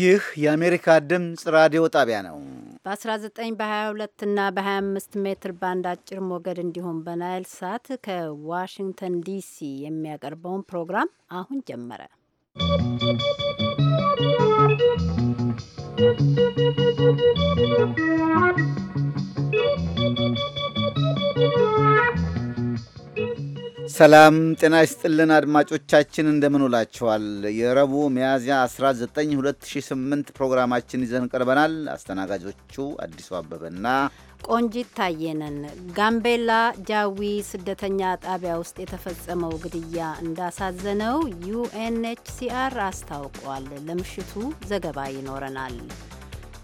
ይህ የአሜሪካ ድምፅ ራዲዮ ጣቢያ ነው። በ19 በ22 እና በ25 ሜትር ባንድ አጭር ሞገድ እንዲሁም በናይል ሳት ከዋሽንግተን ዲሲ የሚያቀርበውን ፕሮግራም አሁን ጀመረ። ¶¶ ሰላም ጤና ይስጥልን አድማጮቻችን፣ እንደምን ውላችኋል? የረቡዕ ሚያዝያ 19 2008 ፕሮግራማችን ይዘን ቀርበናል። አስተናጋጆቹ አዲሱ አበበና ቆንጂት ታየነን። ጋምቤላ ጃዊ ስደተኛ ጣቢያ ውስጥ የተፈጸመው ግድያ እንዳሳዘነው ዩኤንኤችሲአር አስታውቋል። ለምሽቱ ዘገባ ይኖረናል።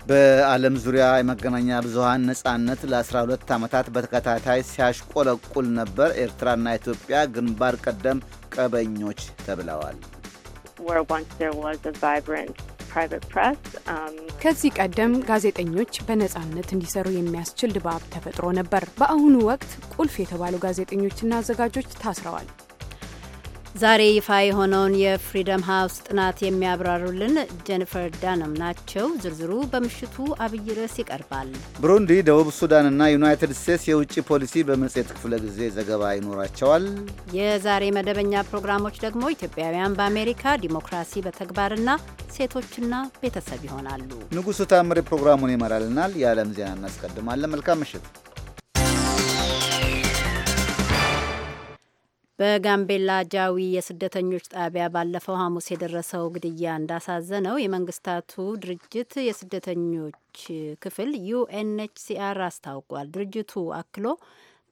በዓለም ዙሪያ የመገናኛ ብዙሃን ነጻነት ለ12 ዓመታት በተከታታይ ሲያሽቆለቁል ነበር። ኤርትራና ኢትዮጵያ ግንባር ቀደም ቀበኞች ተብለዋል። um, ከዚህ ቀደም ጋዜጠኞች በነጻነት እንዲሰሩ የሚያስችል ድባብ ተፈጥሮ ነበር። በአሁኑ ወቅት ቁልፍ የተባሉ ጋዜጠኞችና አዘጋጆች ታስረዋል። ዛሬ ይፋ የሆነውን የፍሪደም ሀውስ ጥናት የሚያብራሩልን ጀኒፈር ዳንም ናቸው። ዝርዝሩ በምሽቱ አብይ ርዕስ ይቀርባል። ብሩንዲ፣ ደቡብ ሱዳንና ዩናይትድ ስቴትስ የውጭ ፖሊሲ በመጽሔት ክፍለ ጊዜ ዘገባ ይኖራቸዋል። የዛሬ መደበኛ ፕሮግራሞች ደግሞ ኢትዮጵያውያን በአሜሪካ ዲሞክራሲ በተግባርና ሴቶችና ቤተሰብ ይሆናሉ። ንጉሱ ታምሬ ፕሮግራሙን ይመራልናል። የዓለም ዜና እናስቀድማለን። መልካም ምሽት። በጋምቤላ ጃዊ የስደተኞች ጣቢያ ባለፈው ሐሙስ የደረሰው ግድያ እንዳሳዘነው የመንግስታቱ ድርጅት የስደተኞች ክፍል ዩኤንኤችሲአር አስታውቋል። ድርጅቱ አክሎ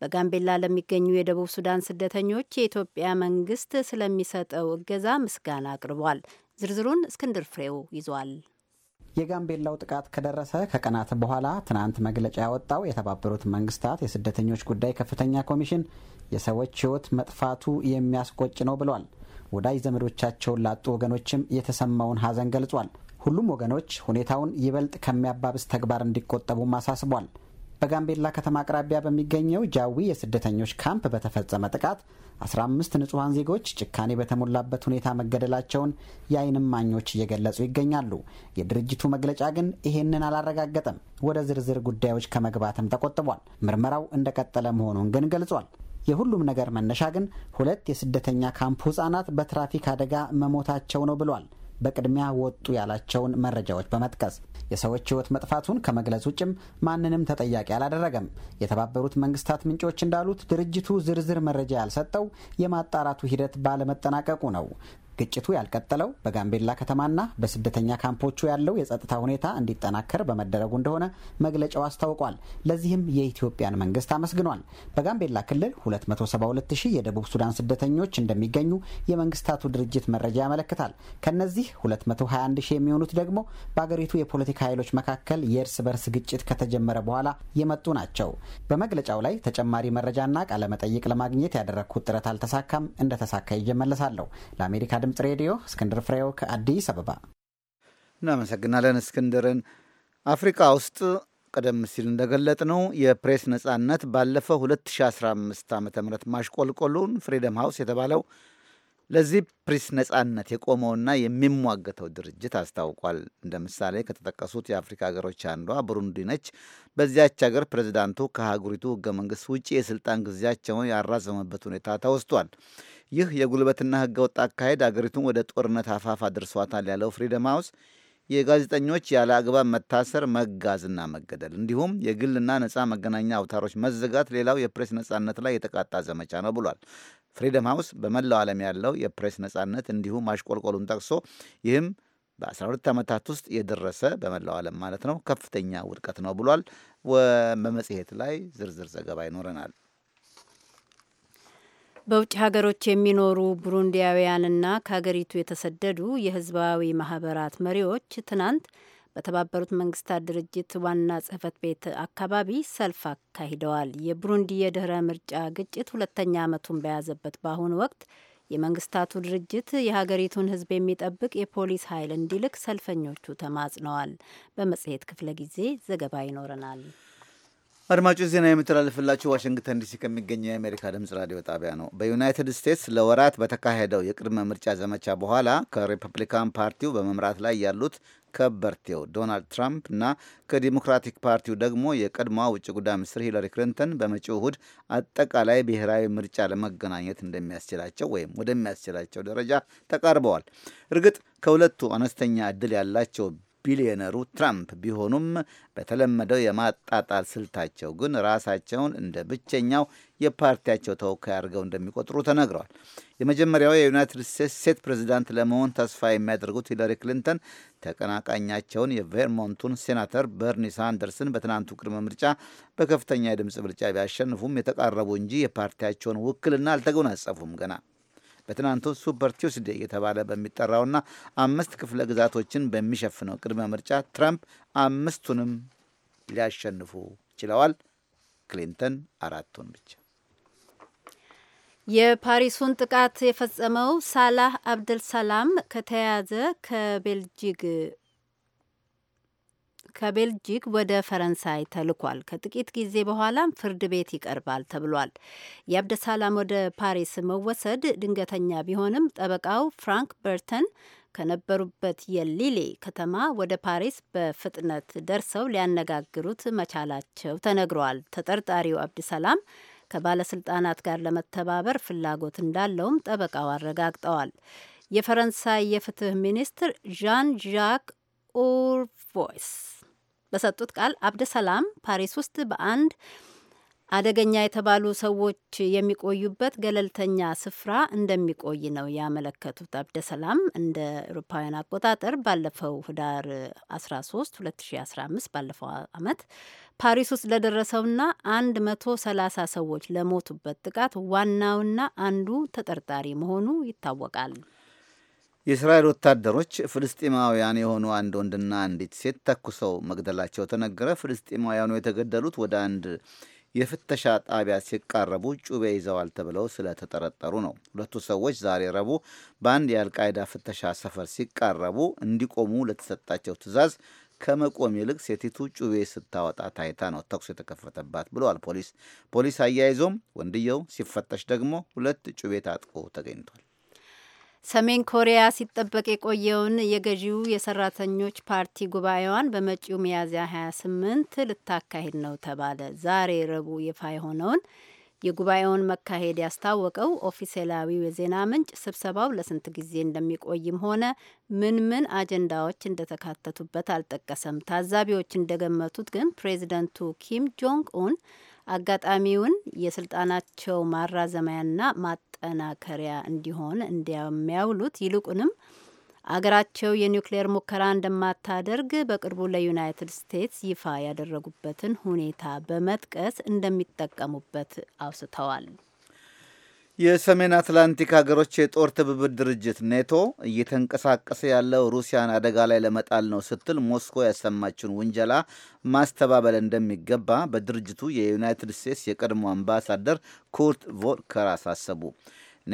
በጋምቤላ ለሚገኙ የደቡብ ሱዳን ስደተኞች የኢትዮጵያ መንግስት ስለሚሰጠው እገዛ ምስጋና አቅርቧል። ዝርዝሩን እስክንድር ፍሬው ይዟል። የጋምቤላው ጥቃት ከደረሰ ከቀናት በኋላ ትናንት መግለጫ ያወጣው የተባበሩት መንግስታት የስደተኞች ጉዳይ ከፍተኛ ኮሚሽን የሰዎች ሕይወት መጥፋቱ የሚያስቆጭ ነው ብሏል። ወዳጅ ዘመዶቻቸውን ላጡ ወገኖችም የተሰማውን ሐዘን ገልጿል። ሁሉም ወገኖች ሁኔታውን ይበልጥ ከሚያባብስ ተግባር እንዲቆጠቡም አሳስቧል። በጋምቤላ ከተማ አቅራቢያ በሚገኘው ጃዊ የስደተኞች ካምፕ በተፈጸመ ጥቃት 15 ንጹሐን ዜጎች ጭካኔ በተሞላበት ሁኔታ መገደላቸውን የአይን እማኞች እየገለጹ ይገኛሉ። የድርጅቱ መግለጫ ግን ይሄንን አላረጋገጠም። ወደ ዝርዝር ጉዳዮች ከመግባትም ተቆጥቧል። ምርመራው እንደቀጠለ መሆኑን ግን ገልጿል። የሁሉም ነገር መነሻ ግን ሁለት የስደተኛ ካምፕ ህጻናት በትራፊክ አደጋ መሞታቸው ነው ብሏል። በቅድሚያ ወጡ ያላቸውን መረጃዎች በመጥቀስ የሰዎች ህይወት መጥፋቱን ከመግለጽ ውጭም ማንንም ተጠያቂ አላደረገም። የተባበሩት መንግስታት ምንጮች እንዳሉት ድርጅቱ ዝርዝር መረጃ ያልሰጠው የማጣራቱ ሂደት ባለመጠናቀቁ ነው። ግጭቱ ያልቀጠለው በጋምቤላ ከተማና በስደተኛ ካምፖቹ ያለው የጸጥታ ሁኔታ እንዲጠናከር በመደረጉ እንደሆነ መግለጫው አስታውቋል። ለዚህም የኢትዮጵያን መንግስት አመስግኗል። በጋምቤላ ክልል 272 የደቡብ ሱዳን ስደተኞች እንደሚገኙ የመንግስታቱ ድርጅት መረጃ ያመለክታል። ከነዚህ 221 የሚሆኑት ደግሞ በአገሪቱ የፖለቲካ ኃይሎች መካከል የእርስ በርስ ግጭት ከተጀመረ በኋላ የመጡ ናቸው። በመግለጫው ላይ ተጨማሪ መረጃና ቃለመጠይቅ ለማግኘት ያደረግኩት ጥረት አልተሳካም። እንደተሳካ ይዤ ለአሜሪካ ድምጽ ሬዲዮ እስክንድር ፍሬው ከአዲስ አበባ እናመሰግናለን። እስክንድርን። አፍሪካ ውስጥ ቀደም ሲል እንደገለጥ ነው የፕሬስ ነጻነት ባለፈው 2015 ዓ ም ማሽቆልቆሉን ፍሪደም ሃውስ የተባለው ለዚህ ፕሬስ ነጻነት የቆመውና የሚሟገተው ድርጅት አስታውቋል። እንደ ምሳሌ ከተጠቀሱት የአፍሪካ ሀገሮች አንዷ ብሩንዲ ነች። በዚያች ሀገር ፕሬዚዳንቱ ከሀገሪቱ ህገ መንግስት ውጭ የስልጣን ጊዜያቸውን ያራዘመበት ሁኔታ ተወስቷል። ይህ የጉልበትና ወጥ አካሄድ አገሪቱን ወደ ጦርነት አፋፍ አድርሷታል ያለው ፍሪደም ሃውስ የጋዜጠኞች ያለ አግባብ መታሰር፣ መጋዝና መገደል እንዲሁም የግልና ነፃ መገናኛ አውታሮች መዘጋት ሌላው የፕሬስ ነፃነት ላይ የተቃጣ ዘመቻ ነው ብሏል። ፍሪደም ሃውስ በመላው ዓለም ያለው የፕሬስ ነጻነት እንዲሁ ማሽቆልቆሉን ጠቅሶ ይህም በ12 ዓመታት ውስጥ የደረሰ በመላው ዓለም ማለት ነው ከፍተኛ ውድቀት ነው ብሏል። በመጽሔት ላይ ዝርዝር ዘገባ ይኖረናል። በውጭ ሀገሮች የሚኖሩ ቡሩንዲያውያንና ከሀገሪቱ የተሰደዱ የህዝባዊ ማህበራት መሪዎች ትናንት በተባበሩት መንግስታት ድርጅት ዋና ጽህፈት ቤት አካባቢ ሰልፍ አካሂደዋል። የቡሩንዲ የድህረ ምርጫ ግጭት ሁለተኛ ዓመቱን በያዘበት በአሁኑ ወቅት የመንግስታቱ ድርጅት የሀገሪቱን ህዝብ የሚጠብቅ የፖሊስ ኃይል እንዲልክ ሰልፈኞቹ ተማጽነዋል። በመጽሔት ክፍለ ጊዜ ዘገባ ይኖረናል። አድማጮች ዜና የምተላለፍላችሁ ዋሽንግተን ዲሲ ከሚገኘው የአሜሪካ ድምፅ ራዲዮ ጣቢያ ነው። በዩናይትድ ስቴትስ ለወራት በተካሄደው የቅድመ ምርጫ ዘመቻ በኋላ ከሪፐብሊካን ፓርቲው በመምራት ላይ ያሉት ከበርቴው ዶናልድ ትራምፕ እና ከዲሞክራቲክ ፓርቲው ደግሞ የቀድሞዋ ውጭ ጉዳይ ሚኒስትር ሂለሪ ክሊንተን በመጪው እሁድ አጠቃላይ ብሔራዊ ምርጫ ለመገናኘት እንደሚያስችላቸው ወይም ወደሚያስችላቸው ደረጃ ተቃርበዋል። እርግጥ ከሁለቱ አነስተኛ እድል ያላቸው ቢሊዮነሩ ትራምፕ ቢሆኑም በተለመደው የማጣጣል ስልታቸው ግን ራሳቸውን እንደ ብቸኛው የፓርቲያቸው ተወካይ አድርገው እንደሚቆጥሩ ተነግረዋል። የመጀመሪያው የዩናይትድ ስቴትስ ሴት ፕሬዚዳንት ለመሆን ተስፋ የሚያደርጉት ሂለሪ ክሊንተን ተቀናቃኛቸውን የቬርሞንቱን ሴናተር በርኒ ሳንደርስን በትናንቱ ቅድመ ምርጫ በከፍተኛ የድምፅ ብልጫ ቢያሸንፉም የተቃረቡ እንጂ የፓርቲያቸውን ውክልና አልተጎናጸፉም ገና በትናንቱ ሱፐር ቲውስዴ እየተባለ በሚጠራውና አምስት ክፍለ ግዛቶችን በሚሸፍነው ቅድመ ምርጫ ትራምፕ አምስቱንም ሊያሸንፉ ችለዋል። ክሊንተን አራቱን ብቻ። የፓሪሱን ጥቃት የፈጸመው ሳላህ አብደልሰላም ከተያዘ ከቤልጂግ ከቤልጂክ ወደ ፈረንሳይ ተልኳል። ከጥቂት ጊዜ በኋላም ፍርድ ቤት ይቀርባል ተብሏል። የአብደሳላም ወደ ፓሪስ መወሰድ ድንገተኛ ቢሆንም ጠበቃው ፍራንክ በርተን ከነበሩበት የሊሌ ከተማ ወደ ፓሪስ በፍጥነት ደርሰው ሊያነጋግሩት መቻላቸው ተነግረዋል። ተጠርጣሪው አብድሰላም ከባለስልጣናት ጋር ለመተባበር ፍላጎት እንዳለውም ጠበቃው አረጋግጠዋል። የፈረንሳይ የፍትህ ሚኒስትር ዣን ዣክ ኡርቮይስ በሰጡት ቃል አብደሰላም ፓሪስ ውስጥ በአንድ አደገኛ የተባሉ ሰዎች የሚቆዩበት ገለልተኛ ስፍራ እንደሚቆይ ነው ያመለከቱት። አብደሰላም እንደ አውሮፓውያን አቆጣጠር ባለፈው ህዳር 13 2015 ባለፈው አመት ፓሪስ ውስጥ ለደረሰውና 130 ሰዎች ለሞቱበት ጥቃት ዋናውና አንዱ ተጠርጣሪ መሆኑ ይታወቃል። የእስራኤል ወታደሮች ፍልስጤማውያን የሆኑ አንድ ወንድና አንዲት ሴት ተኩሰው መግደላቸው ተነገረ። ፍልስጤማውያኑ የተገደሉት ወደ አንድ የፍተሻ ጣቢያ ሲቃረቡ ጩቤ ይዘዋል ተብለው ስለተጠረጠሩ ነው። ሁለቱ ሰዎች ዛሬ ረቡዕ በአንድ የአልቃይዳ ፍተሻ ሰፈር ሲቃረቡ እንዲቆሙ ለተሰጣቸው ትዕዛዝ ከመቆም ይልቅ ሴቲቱ ጩቤ ስታወጣ ታይታ ነው ተኩስ የተከፈተባት ብለዋል ፖሊስ። ፖሊስ አያይዞም ወንድየው ሲፈተሽ ደግሞ ሁለት ጩቤ ታጥቆ ተገኝቷል። ሰሜን ኮሪያ ሲጠበቅ የቆየውን የገዢው የሰራተኞች ፓርቲ ጉባኤዋን በመጪው ሚያዝያ 28 ልታካሂድ ነው ተባለ። ዛሬ ረቡዕ ይፋ የሆነውን የጉባኤውን መካሄድ ያስታወቀው ኦፊሴላዊው የዜና ምንጭ ስብሰባው ለስንት ጊዜ እንደሚቆይም ሆነ ምን ምን አጀንዳዎች እንደተካተቱበት አልጠቀሰም። ታዛቢዎች እንደገመቱት ግን ፕሬዚደንቱ ኪም ጆንግ ኡን አጋጣሚውን የስልጣናቸው ማራዘሚያና ማጠናከሪያ እንዲሆን እንደሚያውሉት ይልቁንም አገራቸው የኒውክሌር ሙከራ እንደማታደርግ በቅርቡ ለዩናይትድ ስቴትስ ይፋ ያደረጉበትን ሁኔታ በመጥቀስ እንደሚጠቀሙበት አውስተዋል። የሰሜን አትላንቲክ ሀገሮች የጦር ትብብር ድርጅት ኔቶ እየተንቀሳቀሰ ያለው ሩሲያን አደጋ ላይ ለመጣል ነው ስትል ሞስኮ ያሰማችውን ውንጀላ ማስተባበል እንደሚገባ በድርጅቱ የዩናይትድ ስቴትስ የቀድሞ አምባሳደር ኩርት ቮልከር አሳሰቡ።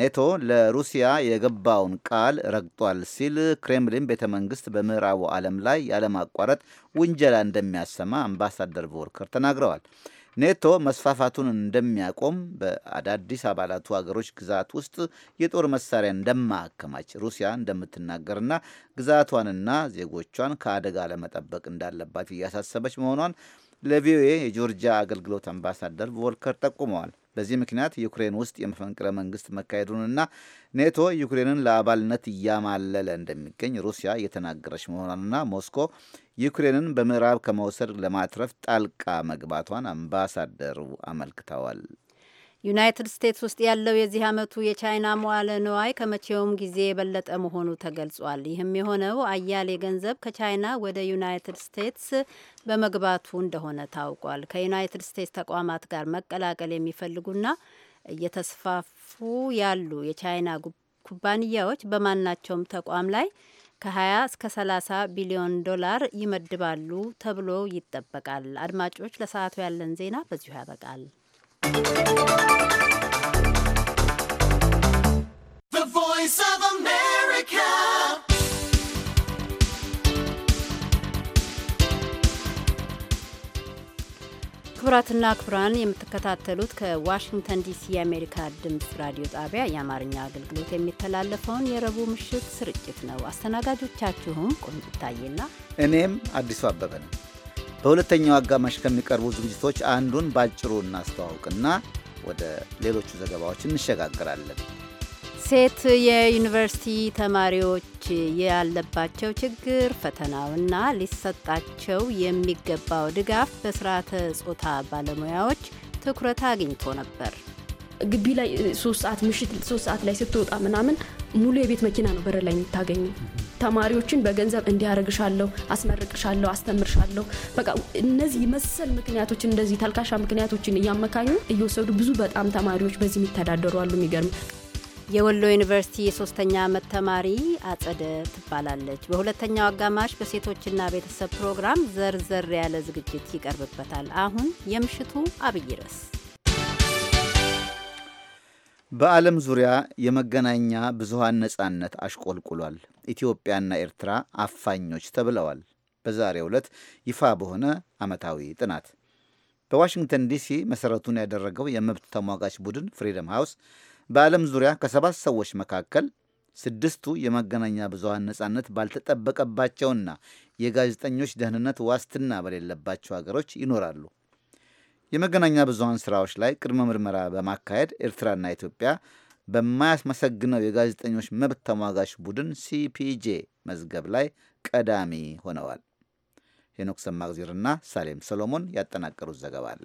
ኔቶ ለሩሲያ የገባውን ቃል ረግጧል ሲል ክሬምሊን ቤተ መንግስት በምዕራቡ ዓለም ላይ ያለማቋረጥ ውንጀላ እንደሚያሰማ አምባሳደር ቮልከር ተናግረዋል። ኔቶ መስፋፋቱን እንደሚያቆም በአዳዲስ አባላቱ ሀገሮች ግዛት ውስጥ የጦር መሳሪያ እንደማከማች ሩሲያ እንደምትናገርና ግዛቷንና ዜጎቿን ከአደጋ ለመጠበቅ እንዳለባት እያሳሰበች መሆኗን ለቪኦኤ የጆርጂያ አገልግሎት አምባሳደር ቮልከር ጠቁመዋል። በዚህ ምክንያት ዩክሬን ውስጥ የመፈንቅለ መንግስት መካሄዱንና ኔቶ ዩክሬንን ለአባልነት እያማለለ እንደሚገኝ ሩሲያ እየተናገረች መሆኗንና ሞስኮ ዩክሬንን በምዕራብ ከመውሰድ ለማትረፍ ጣልቃ መግባቷን አምባሳደሩ አመልክተዋል። ዩናይትድ ስቴትስ ውስጥ ያለው የዚህ ዓመቱ የቻይና መዋለ ንዋይ ከመቼውም ጊዜ የበለጠ መሆኑ ተገልጿል። ይህም የሆነው አያሌ ገንዘብ ከቻይና ወደ ዩናይትድ ስቴትስ በመግባቱ እንደሆነ ታውቋል። ከዩናይትድ ስቴትስ ተቋማት ጋር መቀላቀል የሚፈልጉና እየተስፋፉ ያሉ የቻይና ኩባንያዎች በማናቸውም ተቋም ላይ ከ20 እስከ 30 ቢሊዮን ዶላር ይመድባሉ ተብሎ ይጠበቃል። አድማጮች፣ ለሰዓቱ ያለን ዜና በዚሁ ያበቃል። ክቡራትና ክቡራን የምትከታተሉት ከዋሽንግተን ዲሲ የአሜሪካ ድምፅ ራዲዮ ጣቢያ የአማርኛ አገልግሎት የሚተላለፈውን የረቡዕ ምሽት ስርጭት ነው። አስተናጋጆቻችሁም ቆንጅታዬና እኔም አዲሱ አበበ ነው። በሁለተኛው አጋማሽ ከሚቀርቡ ዝግጅቶች አንዱን ባጭሩ እናስተዋውቅና ወደ ሌሎቹ ዘገባዎች እንሸጋግራለን። ሴት የዩኒቨርስቲ ተማሪዎች ያለባቸው ችግር ፈተናውና ሊሰጣቸው የሚገባው ድጋፍ በስርዓተ ጾታ ባለሙያዎች ትኩረት አግኝቶ ነበር። ግቢ ላይ ሶስት ሰዓት ምሽት ሶስት ሰዓት ላይ ስትወጣ ምናምን ሙሉ የቤት መኪና ነው በር ላይ የምታገኙ። ተማሪዎችን በገንዘብ እንዲያደርግሻለሁ፣ አስመርቅሻለሁ፣ አስተምርሻለሁ በቃ እነዚህ መሰል ምክንያቶችን እንደዚህ ተልካሻ ምክንያቶችን እያመካኙ እየወሰዱ ብዙ በጣም ተማሪዎች በዚህ የሚተዳደሩ አሉ። የሚገርም የወሎ ዩኒቨርሲቲ የሶስተኛ ዓመት ተማሪ አጸደ ትባላለች። በሁለተኛው አጋማሽ በሴቶችና ቤተሰብ ፕሮግራም ዘርዘር ያለ ዝግጅት ይቀርብበታል። አሁን የምሽቱ አብይ ርዕስ በዓለም ዙሪያ የመገናኛ ብዙሃን ነጻነት አሽቆልቁሏል። ኢትዮጵያና ኤርትራ አፋኞች ተብለዋል። በዛሬው ዕለት ይፋ በሆነ ዓመታዊ ጥናት በዋሽንግተን ዲሲ መሠረቱን ያደረገው የመብት ተሟጋች ቡድን ፍሪደም ሃውስ በዓለም ዙሪያ ከሰባት ሰዎች መካከል ስድስቱ የመገናኛ ብዙሃን ነጻነት ባልተጠበቀባቸውና የጋዜጠኞች ደህንነት ዋስትና በሌለባቸው ሀገሮች ይኖራሉ። የመገናኛ ብዙሀን ስራዎች ላይ ቅድመ ምርመራ በማካሄድ ኤርትራና ኢትዮጵያ በማያስመሰግነው የጋዜጠኞች መብት ተሟጋች ቡድን ሲፒጄ መዝገብ ላይ ቀዳሚ ሆነዋል። ሄኖክ ሰማግዜርና ሳሌም ሰሎሞን ያጠናቀሩት ዘገባ አለ።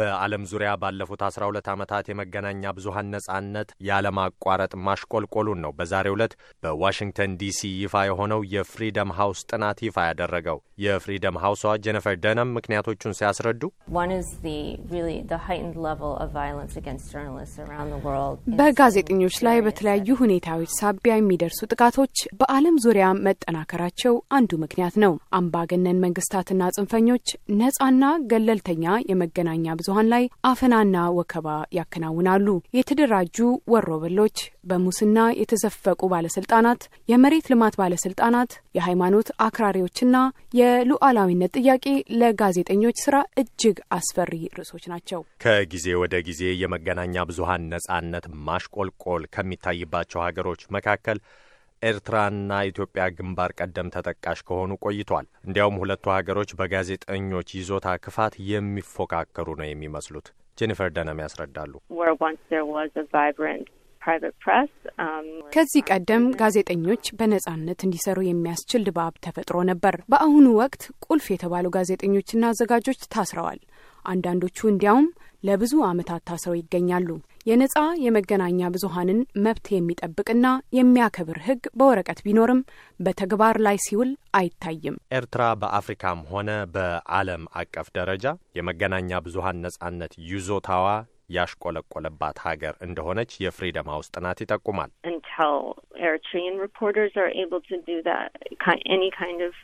በዓለም ዙሪያ ባለፉት 12 ዓመታት የመገናኛ ብዙሃን ነጻነት ያለማቋረጥ ማሽቆልቆሉን ነው በዛሬው ዕለት በዋሽንግተን ዲሲ ይፋ የሆነው የፍሪደም ሃውስ ጥናት ይፋ ያደረገው። የፍሪደም ሃውሷ ጄኒፈር ደነም ምክንያቶቹን ሲያስረዱ በጋዜጠኞች ላይ በተለያዩ ሁኔታዎች ሳቢያ የሚደርሱ ጥቃቶች በዓለም ዙሪያ መጠናከራቸው አንዱ ምክንያት ነው። አምባገነን መንግስታትና ጽንፈኞች ነጻና ገለልተኛ የመገናኛ ብዙሀን ላይ አፈናና ወከባ ያከናውናሉ። የተደራጁ ወሮበሎች፣ በሙስና የተዘፈቁ ባለስልጣናት፣ የመሬት ልማት ባለስልጣናት፣ የሃይማኖት አክራሪዎችና የሉዓላዊነት ጥያቄ ለጋዜጠኞች ስራ እጅግ አስፈሪ ርዕሶች ናቸው። ከጊዜ ወደ ጊዜ የመገናኛ ብዙሀን ነጻነት ማሽቆልቆል ከሚታይባቸው ሀገሮች መካከል ኤርትራና ኢትዮጵያ ግንባር ቀደም ተጠቃሽ ከሆኑ ቆይቷል። እንዲያውም ሁለቱ ሀገሮች በጋዜጠኞች ይዞታ ክፋት የሚፎካከሩ ነው የሚመስሉት። ጄኒፈር ደነም ያስረዳሉ። um, ከዚህ ቀደም ጋዜጠኞች በነጻነት እንዲሰሩ የሚያስችል ድባብ ተፈጥሮ ነበር። በአሁኑ ወቅት ቁልፍ የተባሉ ጋዜጠኞችና አዘጋጆች ታስረዋል። አንዳንዶቹ እንዲያውም ለብዙ ዓመታት ታስረው ይገኛሉ። የነጻ የመገናኛ ብዙሀንን መብት የሚጠብቅና የሚያከብር ህግ በወረቀት ቢኖርም በተግባር ላይ ሲውል አይታይም። ኤርትራ በአፍሪካም ሆነ በዓለም አቀፍ ደረጃ የመገናኛ ብዙሀን ነጻነት ይዞታዋ ያሽቆለቆለባት ሀገር እንደሆነች የፍሪደም ሃውስ ጥናት ይጠቁማል። ኤርትሪያን ሪፖርተርስ አር ኤብል ቱ ዱ ዛት ኤኒ ካይንድ ኦፍ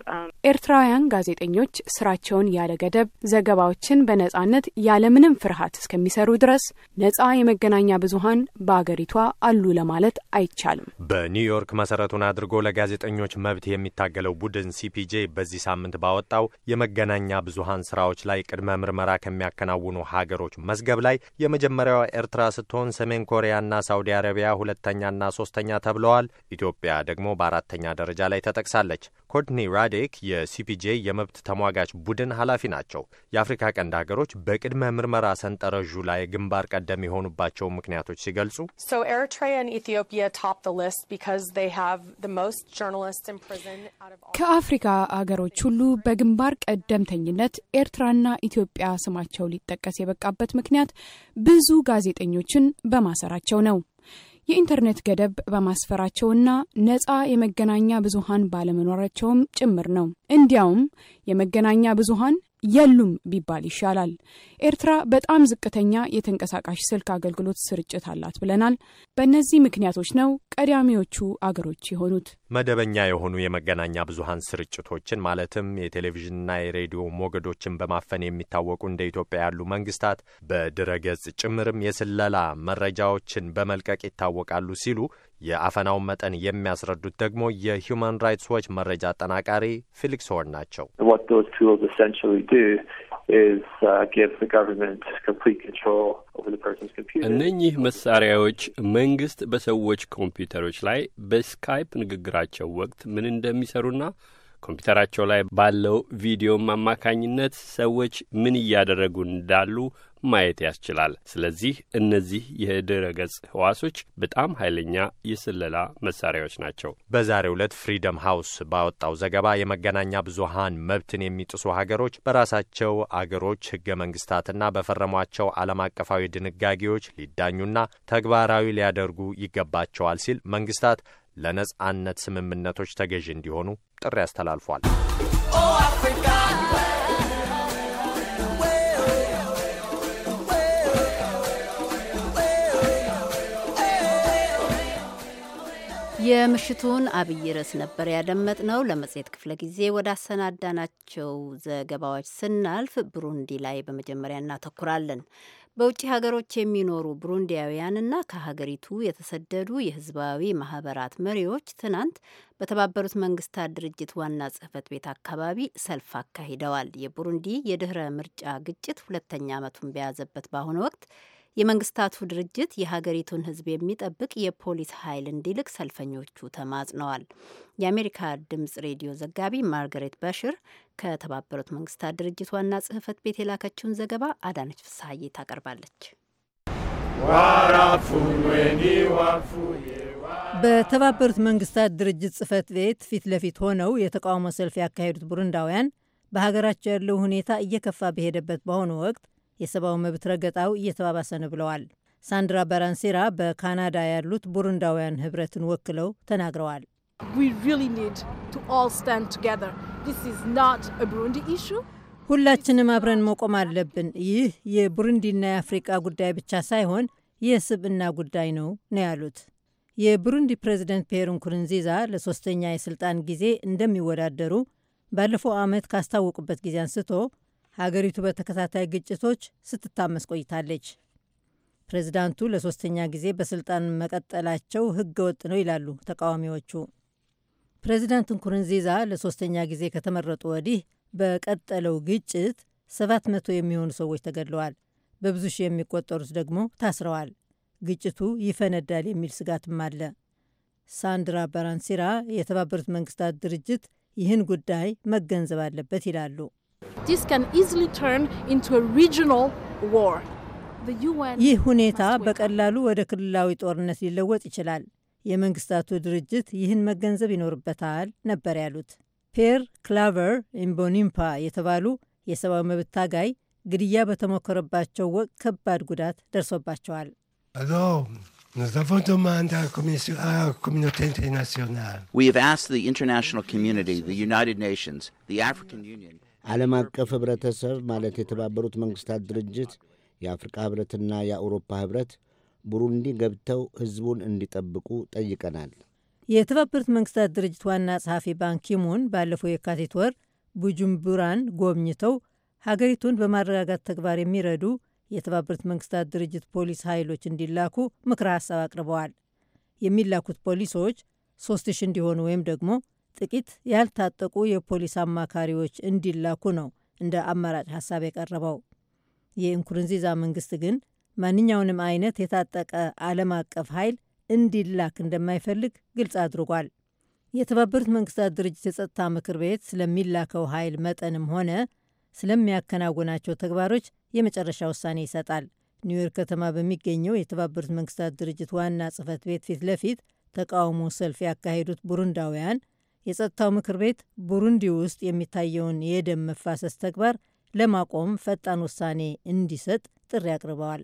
ኤርትራውያን ጋዜጠኞች ስራቸውን ያለ ገደብ ዘገባዎችን በነጻነት ያለምንም ፍርሃት እስከሚሰሩ ድረስ ነጻ የመገናኛ ብዙሀን በአገሪቷ አሉ ለማለት አይቻልም። በኒውዮርክ መሰረቱን አድርጎ ለጋዜጠኞች መብት የሚታገለው ቡድን ሲፒጄ በዚህ ሳምንት ባወጣው የመገናኛ ብዙሀን ስራዎች ላይ ቅድመ ምርመራ ከሚያከናውኑ ሀገሮች መዝገብ ላይ የመጀመሪያዋ ኤርትራ ስትሆን ሰሜን ኮሪያና ሳውዲ አረቢያ ሁለተኛና ሶስተኛ ተብለዋል። ኢትዮጵያ ደግሞ በአራተኛ ደረጃ ላይ ተጠቅሳለች። ኮርትኒ ራዴክ የሲፒጄ የመብት ተሟጋች ቡድን ኃላፊ ናቸው። የአፍሪካ ቀንድ ሀገሮች በቅድመ ምርመራ ሰንጠረዡ ላይ ግንባር ቀደም የሆኑባቸው ምክንያቶች ሲገልጹ ከአፍሪካ አገሮች ሁሉ በግንባር ቀደምተኝነት ኤርትራና ኢትዮጵያ ስማቸው ሊጠቀስ የበቃበት ምክንያት ብዙ ጋዜጠኞችን በማሰራቸው ነው። የኢንተርኔት ገደብ በማስፈራቸውና ነፃ የመገናኛ ብዙሃን ባለመኖራቸውም ጭምር ነው። እንዲያውም የመገናኛ ብዙሃን የሉም ቢባል ይሻላል። ኤርትራ በጣም ዝቅተኛ የተንቀሳቃሽ ስልክ አገልግሎት ስርጭት አላት ብለናል። በእነዚህ ምክንያቶች ነው ቀዳሚዎቹ አገሮች የሆኑት። መደበኛ የሆኑ የመገናኛ ብዙሀን ስርጭቶችን ማለትም የቴሌቪዥንና የሬዲዮ ሞገዶችን በማፈን የሚታወቁ እንደ ኢትዮጵያ ያሉ መንግስታት በድረገጽ ጭምርም የስለላ መረጃዎችን በመልቀቅ ይታወቃሉ ሲሉ የአፈናውን መጠን የሚያስረዱት ደግሞ የሂዩማን ራይትስ ዎች መረጃ አጠናቃሪ ፊሊክስ ሆርን ናቸው። uh, እነኚህ መሳሪያዎች መንግስት በሰዎች ኮምፒውተሮች ላይ በስካይፕ ንግግራቸው ወቅት ምን እንደሚሰሩና ኮምፒውተራቸው ላይ ባለው ቪዲዮም አማካኝነት ሰዎች ምን እያደረጉ እንዳሉ ማየት ያስችላል። ስለዚህ እነዚህ የድረ ገጽ ህዋሶች በጣም ኃይለኛ የስለላ መሳሪያዎች ናቸው። በዛሬው ዕለት ፍሪደም ሃውስ ባወጣው ዘገባ የመገናኛ ብዙሃን መብትን የሚጥሱ ሀገሮች በራሳቸው አገሮች ህገ መንግስታትና በፈረሟቸው ዓለም አቀፋዊ ድንጋጌዎች ሊዳኙና ተግባራዊ ሊያደርጉ ይገባቸዋል ሲል መንግስታት ለነጻነት ስምምነቶች ተገዢ እንዲሆኑ ጥሪ አስተላልፏል። የምሽቱን አብይ ርዕስ ነበር ያደመጥነው። ለመጽሔት ክፍለ ጊዜ ወዳሰናዳናቸው ዘገባዎች ስናልፍ ብሩንዲ ላይ በመጀመሪያ እናተኩራለን። በውጭ ሀገሮች የሚኖሩ ብሩንዲያውያንና ከሀገሪቱ የተሰደዱ የህዝባዊ ማህበራት መሪዎች ትናንት በተባበሩት መንግስታት ድርጅት ዋና ጽህፈት ቤት አካባቢ ሰልፍ አካሂደዋል። የቡሩንዲ የድህረ ምርጫ ግጭት ሁለተኛ ዓመቱን በያዘበት በአሁኑ ወቅት የመንግስታቱ ድርጅት የሀገሪቱን ህዝብ የሚጠብቅ የፖሊስ ኃይል እንዲልክ ሰልፈኞቹ ተማጽነዋል። የአሜሪካ ድምጽ ሬዲዮ ዘጋቢ ማርገሬት በሽር ከተባበሩት መንግስታት ድርጅት ዋና ጽህፈት ቤት የላከችውን ዘገባ አዳነች ፍስሀዬ ታቀርባለች። በተባበሩት መንግስታት ድርጅት ጽህፈት ቤት ፊት ለፊት ሆነው የተቃውሞ ሰልፍ ያካሄዱት ቡሩንዳውያን በሀገራቸው ያለው ሁኔታ እየከፋ በሄደበት በአሁኑ ወቅት የሰብአዊ መብት ረገጣው እየተባባሰ ነው ብለዋል። ሳንድራ ባራንሴራ በካናዳ ያሉት ቡሩንዳውያን ህብረትን ወክለው ተናግረዋል። ሁላችንም አብረን መቆም አለብን። ይህ የቡሩንዲና የአፍሪቃ ጉዳይ ብቻ ሳይሆን የስብዕና ጉዳይ ነው ነው ያሉት። የቡሩንዲ ፕሬዚደንት ፒየር ንኩርንዚዛ ለሶስተኛ የስልጣን ጊዜ እንደሚወዳደሩ ባለፈው ዓመት ካስታወቁበት ጊዜ አንስቶ ሀገሪቱ በተከታታይ ግጭቶች ስትታመስ ቆይታለች። ፕሬዚዳንቱ ለሶስተኛ ጊዜ በስልጣን መቀጠላቸው ሕገ ወጥ ነው ይላሉ ተቃዋሚዎቹ። ፕሬዚዳንት ንኩሩንዚዛ ለሶስተኛ ጊዜ ከተመረጡ ወዲህ በቀጠለው ግጭት ሰባት መቶ የሚሆኑ ሰዎች ተገድለዋል፣ በብዙ ሺህ የሚቆጠሩት ደግሞ ታስረዋል። ግጭቱ ይፈነዳል የሚል ስጋትም አለ። ሳንድራ በራንሲራ የተባበሩት መንግስታት ድርጅት ይህን ጉዳይ መገንዘብ አለበት ይላሉ። this can easily turn into a regional war. ይህ ሁኔታ በቀላሉ ወደ ክልላዊ ጦርነት ሊለወጥ ይችላል። የመንግስታቱ ድርጅት ይህን መገንዘብ ይኖርበታል ነበር ያሉት ፔር ክላቨር ኢምቦኒምፓ የተባሉ የሰብአዊ መብት ታጋይ ግድያ በተሞከረባቸው ወቅት ከባድ ጉዳት ደርሶባቸዋል። We have asked the international community, the United Nations, the African Union ዓለም አቀፍ ኅብረተሰብ ማለት የተባበሩት መንግሥታት ድርጅት፣ የአፍሪቃ ኅብረትና የአውሮፓ ኅብረት ቡሩንዲ ገብተው ሕዝቡን እንዲጠብቁ ጠይቀናል። የተባበሩት መንግሥታት ድርጅት ዋና ጸሐፊ ባንኪሙን ባለፈው የካቲት ወር ቡጁምቡራን ጎብኝተው ሀገሪቱን በማረጋጋት ተግባር የሚረዱ የተባበሩት መንግሥታት ድርጅት ፖሊስ ኃይሎች እንዲላኩ ምክረ ሐሳብ አቅርበዋል። የሚላኩት ፖሊሶች ሶስት ሺህ እንዲሆኑ ወይም ደግሞ ጥቂት ያልታጠቁ የፖሊስ አማካሪዎች እንዲላኩ ነው እንደ አማራጭ ሀሳብ የቀረበው። የኢንኩርንዚዛ መንግስት ግን ማንኛውንም አይነት የታጠቀ ዓለም አቀፍ ኃይል እንዲላክ እንደማይፈልግ ግልጽ አድርጓል። የተባበሩት መንግስታት ድርጅት የጸጥታ ምክር ቤት ስለሚላከው ኃይል መጠንም ሆነ ስለሚያከናውናቸው ተግባሮች የመጨረሻ ውሳኔ ይሰጣል። ኒውዮርክ ከተማ በሚገኘው የተባበሩት መንግስታት ድርጅት ዋና ጽህፈት ቤት ፊት ለፊት ተቃውሞ ሰልፍ ያካሄዱት ቡሩንዳውያን የጸጥታው ምክር ቤት ቡሩንዲ ውስጥ የሚታየውን የደም መፋሰስ ተግባር ለማቆም ፈጣን ውሳኔ እንዲሰጥ ጥሪ አቅርበዋል።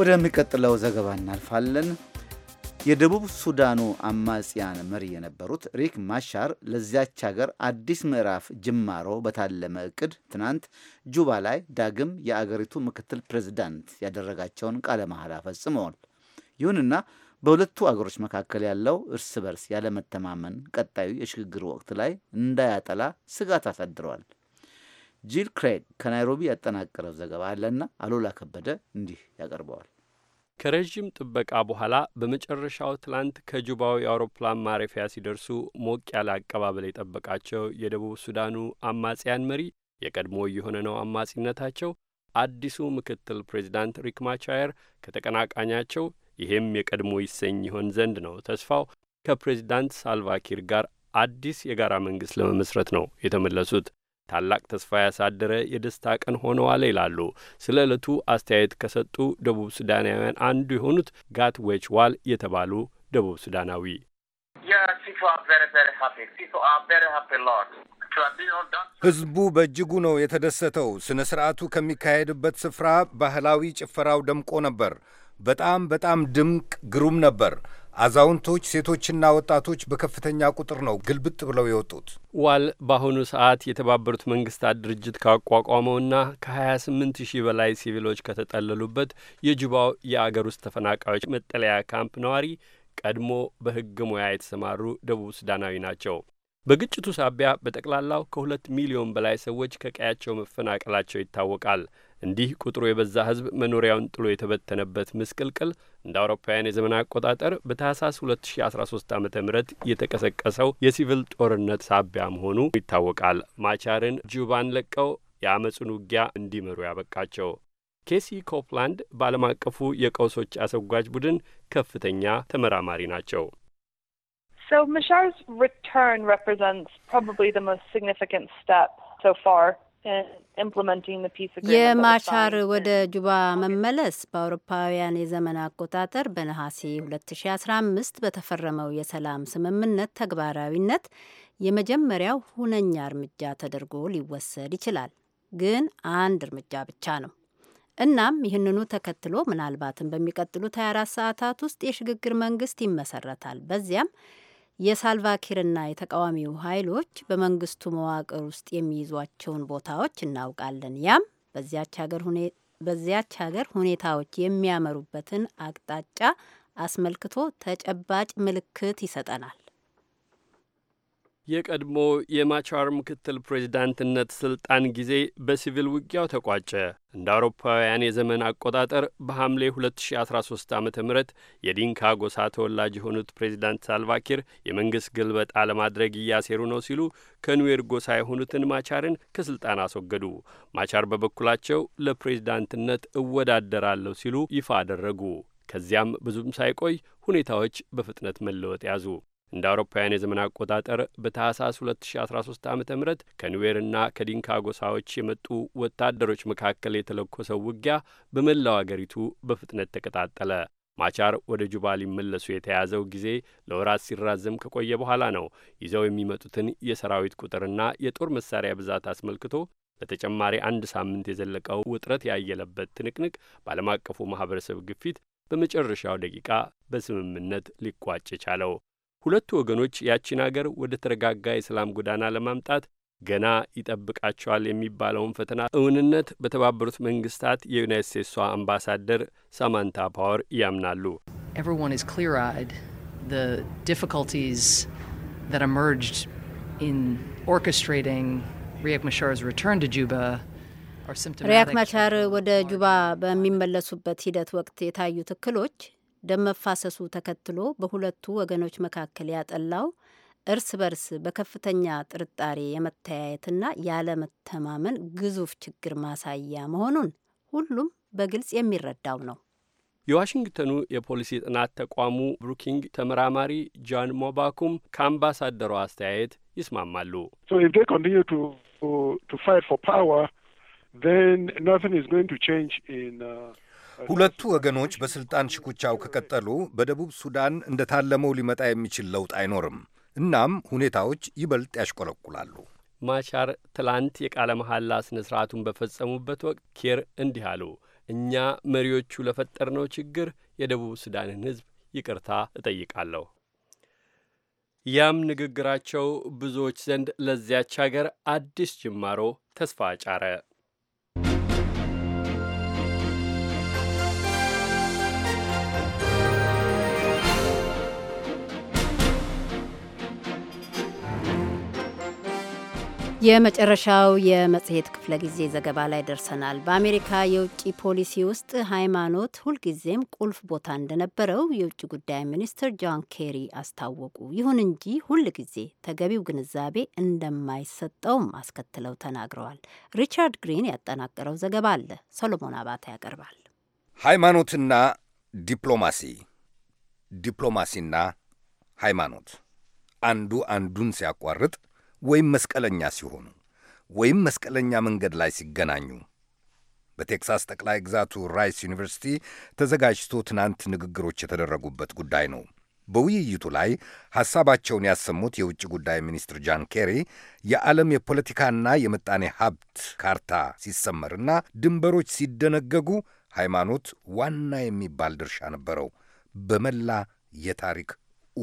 ወደሚቀጥለው ዘገባ እናልፋለን። የደቡብ ሱዳኑ አማጽያን መሪ የነበሩት ሪክ ማሻር ለዚያች ሀገር አዲስ ምዕራፍ ጅማሮ በታለመ እቅድ ትናንት ጁባ ላይ ዳግም የአገሪቱ ምክትል ፕሬዚዳንት ያደረጋቸውን ቃለ መሐላ ፈጽመዋል። ይሁንና በሁለቱ አገሮች መካከል ያለው እርስ በርስ ያለመተማመን ቀጣዩ የሽግግር ወቅት ላይ እንዳያጠላ ስጋት አሳድረዋል። ጂል ክሬግ ከናይሮቢ ያጠናቀረው ዘገባ አለና አሉላ ከበደ እንዲህ ያቀርበዋል። ከረዥም ጥበቃ በኋላ በመጨረሻው ትላንት ከጁባው የአውሮፕላን ማረፊያ ሲደርሱ ሞቅ ያለ አቀባበል የጠበቃቸው የደቡብ ሱዳኑ አማጽያን መሪ የቀድሞ የሆነ ነው አማጺነታቸው አዲሱ ምክትል ፕሬዚዳንት ሪክ ማቻየር ከተቀናቃኛቸው ይህም የቀድሞ ይሰኝ ይሆን ዘንድ ነው ተስፋው ከፕሬዚዳንት ሳልቫኪር ጋር አዲስ የጋራ መንግስት ለመመስረት ነው የተመለሱት። ታላቅ ተስፋ ያሳደረ የደስታ ቀን ሆነዋል ይላሉ። ስለ ዕለቱ አስተያየት ከሰጡ ደቡብ ሱዳናውያን አንዱ የሆኑት ጋት ዌች ዋል የተባሉ ደቡብ ሱዳናዊ ሕዝቡ በእጅጉ ነው የተደሰተው። ሥነ ሥርዓቱ ከሚካሄድበት ስፍራ ባህላዊ ጭፈራው ደምቆ ነበር። በጣም በጣም ድምቅ ግሩም ነበር። አዛውንቶች፣ ሴቶችና ወጣቶች በከፍተኛ ቁጥር ነው ግልብጥ ብለው የወጡት። ዋል በአሁኑ ሰዓት የተባበሩት መንግስታት ድርጅት ካቋቋመውና ከ28 ሺህ በላይ ሲቪሎች ከተጠለሉበት የጁባው የአገር ውስጥ ተፈናቃዮች መጠለያ ካምፕ ነዋሪ ቀድሞ በሕግ ሙያ የተሰማሩ ደቡብ ሱዳናዊ ናቸው። በግጭቱ ሳቢያ በጠቅላላው ከሁለት ሚሊዮን በላይ ሰዎች ከቀያቸው መፈናቀላቸው ይታወቃል። እንዲህ ቁጥሩ የበዛ ህዝብ መኖሪያውን ጥሎ የተበተነበት ምስቅልቅል እንደ አውሮፓውያን የዘመን አቆጣጠር በታህሳስ 2013 ዓ ም የተቀሰቀሰው የሲቪል ጦርነት ሳቢያ መሆኑ ይታወቃል። ማቻርን ጁባን ለቀው የአመፁን ውጊያ እንዲመሩ ያበቃቸው ኬሲ ኮፕላንድ በዓለም አቀፉ የቀውሶች አሰጓጅ ቡድን ከፍተኛ ተመራማሪ ናቸው። So Mashar's return represents probably the most significant step so far in የማቻር ወደ ጁባ መመለስ በአውሮፓውያን የዘመን አቆጣጠር በነሐሴ 2015 በተፈረመው የሰላም ስምምነት ተግባራዊነት የመጀመሪያው ሁነኛ እርምጃ ተደርጎ ሊወሰድ ይችላል፣ ግን አንድ እርምጃ ብቻ ነው። እናም ይህንኑ ተከትሎ ምናልባትም በሚቀጥሉት 24 ሰዓታት ውስጥ የሽግግር መንግስት ይመሰረታል። በዚያም የሳልቫኪርና የተቃዋሚው ኃይሎች በመንግስቱ መዋቅር ውስጥ የሚይዟቸውን ቦታዎች እናውቃለን። ያም በዚያች ሀገር ሁኔታዎች የሚያመሩበትን አቅጣጫ አስመልክቶ ተጨባጭ ምልክት ይሰጠናል። የቀድሞ የማቻር ምክትል ፕሬዚዳንትነት ስልጣን ጊዜ በሲቪል ውጊያው ተቋጨ። እንደ አውሮፓውያን የዘመን አቆጣጠር በሐምሌ 2013 ዓ ም የዲንካ ጎሳ ተወላጅ የሆኑት ፕሬዚዳንት ሳልቫኪር የመንግሥት ግልበጣ ለማድረግ እያሴሩ ነው ሲሉ ከኑዌር ጎሳ የሆኑትን ማቻርን ከስልጣን አስወገዱ። ማቻር በበኩላቸው ለፕሬዚዳንትነት እወዳደራለሁ ሲሉ ይፋ አደረጉ። ከዚያም ብዙም ሳይቆይ ሁኔታዎች በፍጥነት መለወጥ ያዙ። እንደ አውሮፓውያን የዘመን አቆጣጠር በታህሳስ 2013 ዓ ም ከኒዌርና ከዲንካ ጎሳዎች የመጡ ወታደሮች መካከል የተለኮሰው ውጊያ በመላው አገሪቱ በፍጥነት ተቀጣጠለ። ማቻር ወደ ጁባ ሊመለሱ የተያዘው ጊዜ ለወራት ሲራዘም ከቆየ በኋላ ነው ይዘው የሚመጡትን የሰራዊት ቁጥርና የጦር መሳሪያ ብዛት አስመልክቶ ለተጨማሪ አንድ ሳምንት የዘለቀው ውጥረት ያየለበት ትንቅንቅ በዓለም አቀፉ ማኅበረሰብ ግፊት በመጨረሻው ደቂቃ በስምምነት ሊቋጭ ቻለው። ሁለቱ ወገኖች ያቺን አገር ወደ ተረጋጋ የሰላም ጎዳና ለማምጣት ገና ይጠብቃቸዋል የሚባለውን ፈተና እውንነት በተባበሩት መንግስታት የዩናይት ስቴትሷ አምባሳደር ሳማንታ ፓወር ያምናሉ። ሪያክ ማቻር ወደ ጁባ በሚመለሱበት ሂደት ወቅት የታዩት እክሎች ደም መፋሰሱ ተከትሎ በሁለቱ ወገኖች መካከል ያጠላው እርስ በርስ በከፍተኛ ጥርጣሬ የመተያየትና ያለመተማመን ግዙፍ ችግር ማሳያ መሆኑን ሁሉም በግልጽ የሚረዳው ነው። የዋሽንግተኑ የፖሊሲ ጥናት ተቋሙ ብሩኪንግ ተመራማሪ ጃን ሞባኩም ከአምባሳደሩ አስተያየት ይስማማሉ። ሁለቱ ወገኖች በስልጣን ሽኩቻው ከቀጠሉ በደቡብ ሱዳን እንደታለመው ሊመጣ የሚችል ለውጥ አይኖርም። እናም ሁኔታዎች ይበልጥ ያሽቆለቁላሉ። ማቻር ትላንት የቃለ መሐላ ስነ ስርዓቱን በፈጸሙበት ወቅት ኬር እንዲህ አሉ። እኛ መሪዎቹ ለፈጠርነው ችግር የደቡብ ሱዳንን ሕዝብ ይቅርታ እጠይቃለሁ። ያም ንግግራቸው ብዙዎች ዘንድ ለዚያች አገር አዲስ ጅማሮ ተስፋ ጫረ። የመጨረሻው የመጽሔት ክፍለ ጊዜ ዘገባ ላይ ደርሰናል። በአሜሪካ የውጭ ፖሊሲ ውስጥ ሃይማኖት ሁልጊዜም ቁልፍ ቦታ እንደነበረው የውጭ ጉዳይ ሚኒስትር ጆን ኬሪ አስታወቁ። ይሁን እንጂ ሁልጊዜ ተገቢው ግንዛቤ እንደማይሰጠውም አስከትለው ተናግረዋል። ሪቻርድ ግሪን ያጠናቀረው ዘገባ አለ፣ ሰሎሞን አባተ ያቀርባል። ሃይማኖትና ዲፕሎማሲ፣ ዲፕሎማሲና ሃይማኖት አንዱ አንዱን ሲያቋርጥ ወይም መስቀለኛ ሲሆኑ ወይም መስቀለኛ መንገድ ላይ ሲገናኙ በቴክሳስ ጠቅላይ ግዛቱ ራይስ ዩኒቨርሲቲ ተዘጋጅቶ ትናንት ንግግሮች የተደረጉበት ጉዳይ ነው። በውይይቱ ላይ ሐሳባቸውን ያሰሙት የውጭ ጉዳይ ሚኒስትር ጃን ኬሪ የዓለም የፖለቲካና የምጣኔ ሀብት ካርታ ሲሰመርና ድንበሮች ሲደነገጉ ሃይማኖት ዋና የሚባል ድርሻ ነበረው በመላ የታሪክ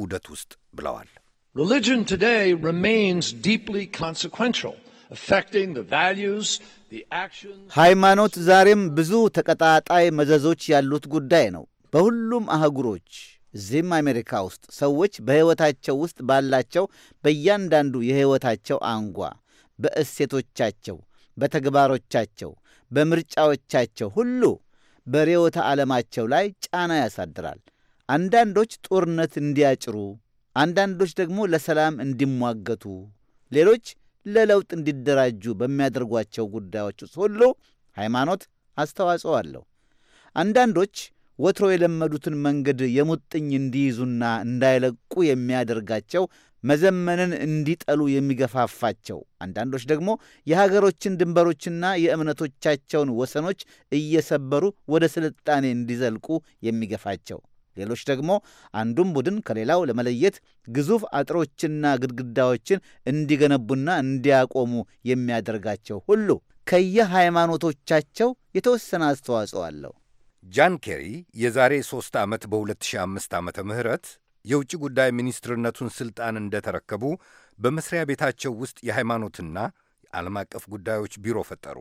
ዑደት ውስጥ ብለዋል። Religion today remains deeply consequential, affecting the values, the actions. ሃይማኖት ዛሬም ብዙ ተቀጣጣይ መዘዞች ያሉት ጉዳይ ነው። በሁሉም አህጉሮች እዚህም አሜሪካ ውስጥ ሰዎች በሕይወታቸው ውስጥ ባላቸው በእያንዳንዱ የሕይወታቸው አንጓ በእሴቶቻቸው፣ በተግባሮቻቸው፣ በምርጫዎቻቸው ሁሉ በርዕዮተ ዓለማቸው ላይ ጫና ያሳድራል። አንዳንዶች ጦርነት እንዲያጭሩ አንዳንዶች ደግሞ ለሰላም እንዲሟገቱ፣ ሌሎች ለለውጥ እንዲደራጁ በሚያደርጓቸው ጉዳዮች ውስጥ ሁሉ ሃይማኖት አስተዋጽኦ አለው። አንዳንዶች ወትሮ የለመዱትን መንገድ የሙጥኝ እንዲይዙና እንዳይለቁ የሚያደርጋቸው መዘመንን እንዲጠሉ የሚገፋፋቸው፣ አንዳንዶች ደግሞ የሀገሮችን ድንበሮችና የእምነቶቻቸውን ወሰኖች እየሰበሩ ወደ ስልጣኔ እንዲዘልቁ የሚገፋቸው ሌሎች ደግሞ አንዱን ቡድን ከሌላው ለመለየት ግዙፍ አጥሮችና ግድግዳዎችን እንዲገነቡና እንዲያቆሙ የሚያደርጋቸው ሁሉ ከየሃይማኖቶቻቸው የተወሰነ አስተዋጽኦ አለው። ጃን ኬሪ የዛሬ ሦስት ዓመት በ2005 ዓ ምህረት የውጭ ጉዳይ ሚኒስትርነቱን ሥልጣን እንደተረከቡ በመሥሪያ ቤታቸው ውስጥ የሃይማኖትና የዓለም አቀፍ ጉዳዮች ቢሮ ፈጠሩ።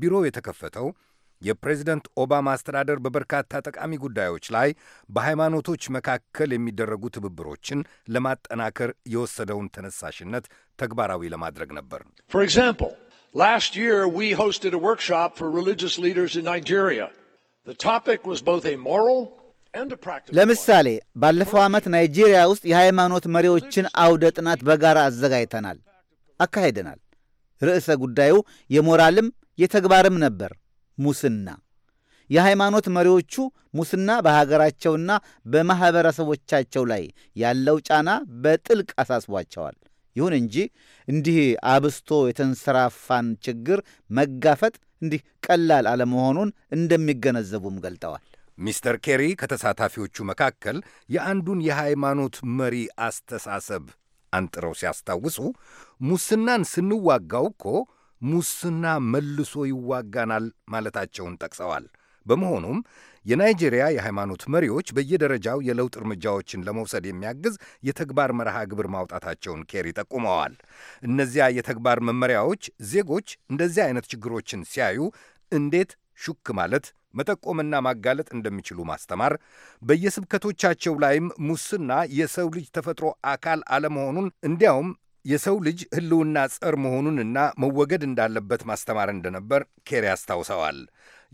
ቢሮው የተከፈተው የፕሬዚደንት ኦባማ አስተዳደር በበርካታ ጠቃሚ ጉዳዮች ላይ በሃይማኖቶች መካከል የሚደረጉ ትብብሮችን ለማጠናከር የወሰደውን ተነሳሽነት ተግባራዊ ለማድረግ ነበር። Last year, we hosted a workshop for religious ለምሳሌ ባለፈው ዓመት ናይጄሪያ ውስጥ የሃይማኖት መሪዎችን አውደ ጥናት በጋራ አዘጋጅተናል፣ አካሄደናል። ርዕሰ ጉዳዩ የሞራልም የተግባርም ነበር። ሙስና የሃይማኖት መሪዎቹ ሙስና በሀገራቸውና በማኅበረሰቦቻቸው ላይ ያለው ጫና በጥልቅ አሳስቧቸዋል። ይሁን እንጂ እንዲህ አብስቶ የተንሰራፋን ችግር መጋፈጥ እንዲህ ቀላል አለመሆኑን እንደሚገነዘቡም ገልጠዋል። ሚስተር ኬሪ ከተሳታፊዎቹ መካከል የአንዱን የሃይማኖት መሪ አስተሳሰብ አንጥረው ሲያስታውሱ ሙስናን ስንዋጋው እኮ ሙስና መልሶ ይዋጋናል ማለታቸውን ጠቅሰዋል። በመሆኑም የናይጄሪያ የሃይማኖት መሪዎች በየደረጃው የለውጥ እርምጃዎችን ለመውሰድ የሚያግዝ የተግባር መርሃ ግብር ማውጣታቸውን ኬሪ ጠቁመዋል። እነዚያ የተግባር መመሪያዎች ዜጎች እንደዚህ አይነት ችግሮችን ሲያዩ እንዴት ሹክ ማለት መጠቆምና ማጋለጥ እንደሚችሉ ማስተማር፣ በየስብከቶቻቸው ላይም ሙስና የሰው ልጅ ተፈጥሮ አካል አለመሆኑን እንዲያውም የሰው ልጅ ሕልውና ጸር መሆኑንና መወገድ እንዳለበት ማስተማር እንደነበር ኬሪ አስታውሰዋል።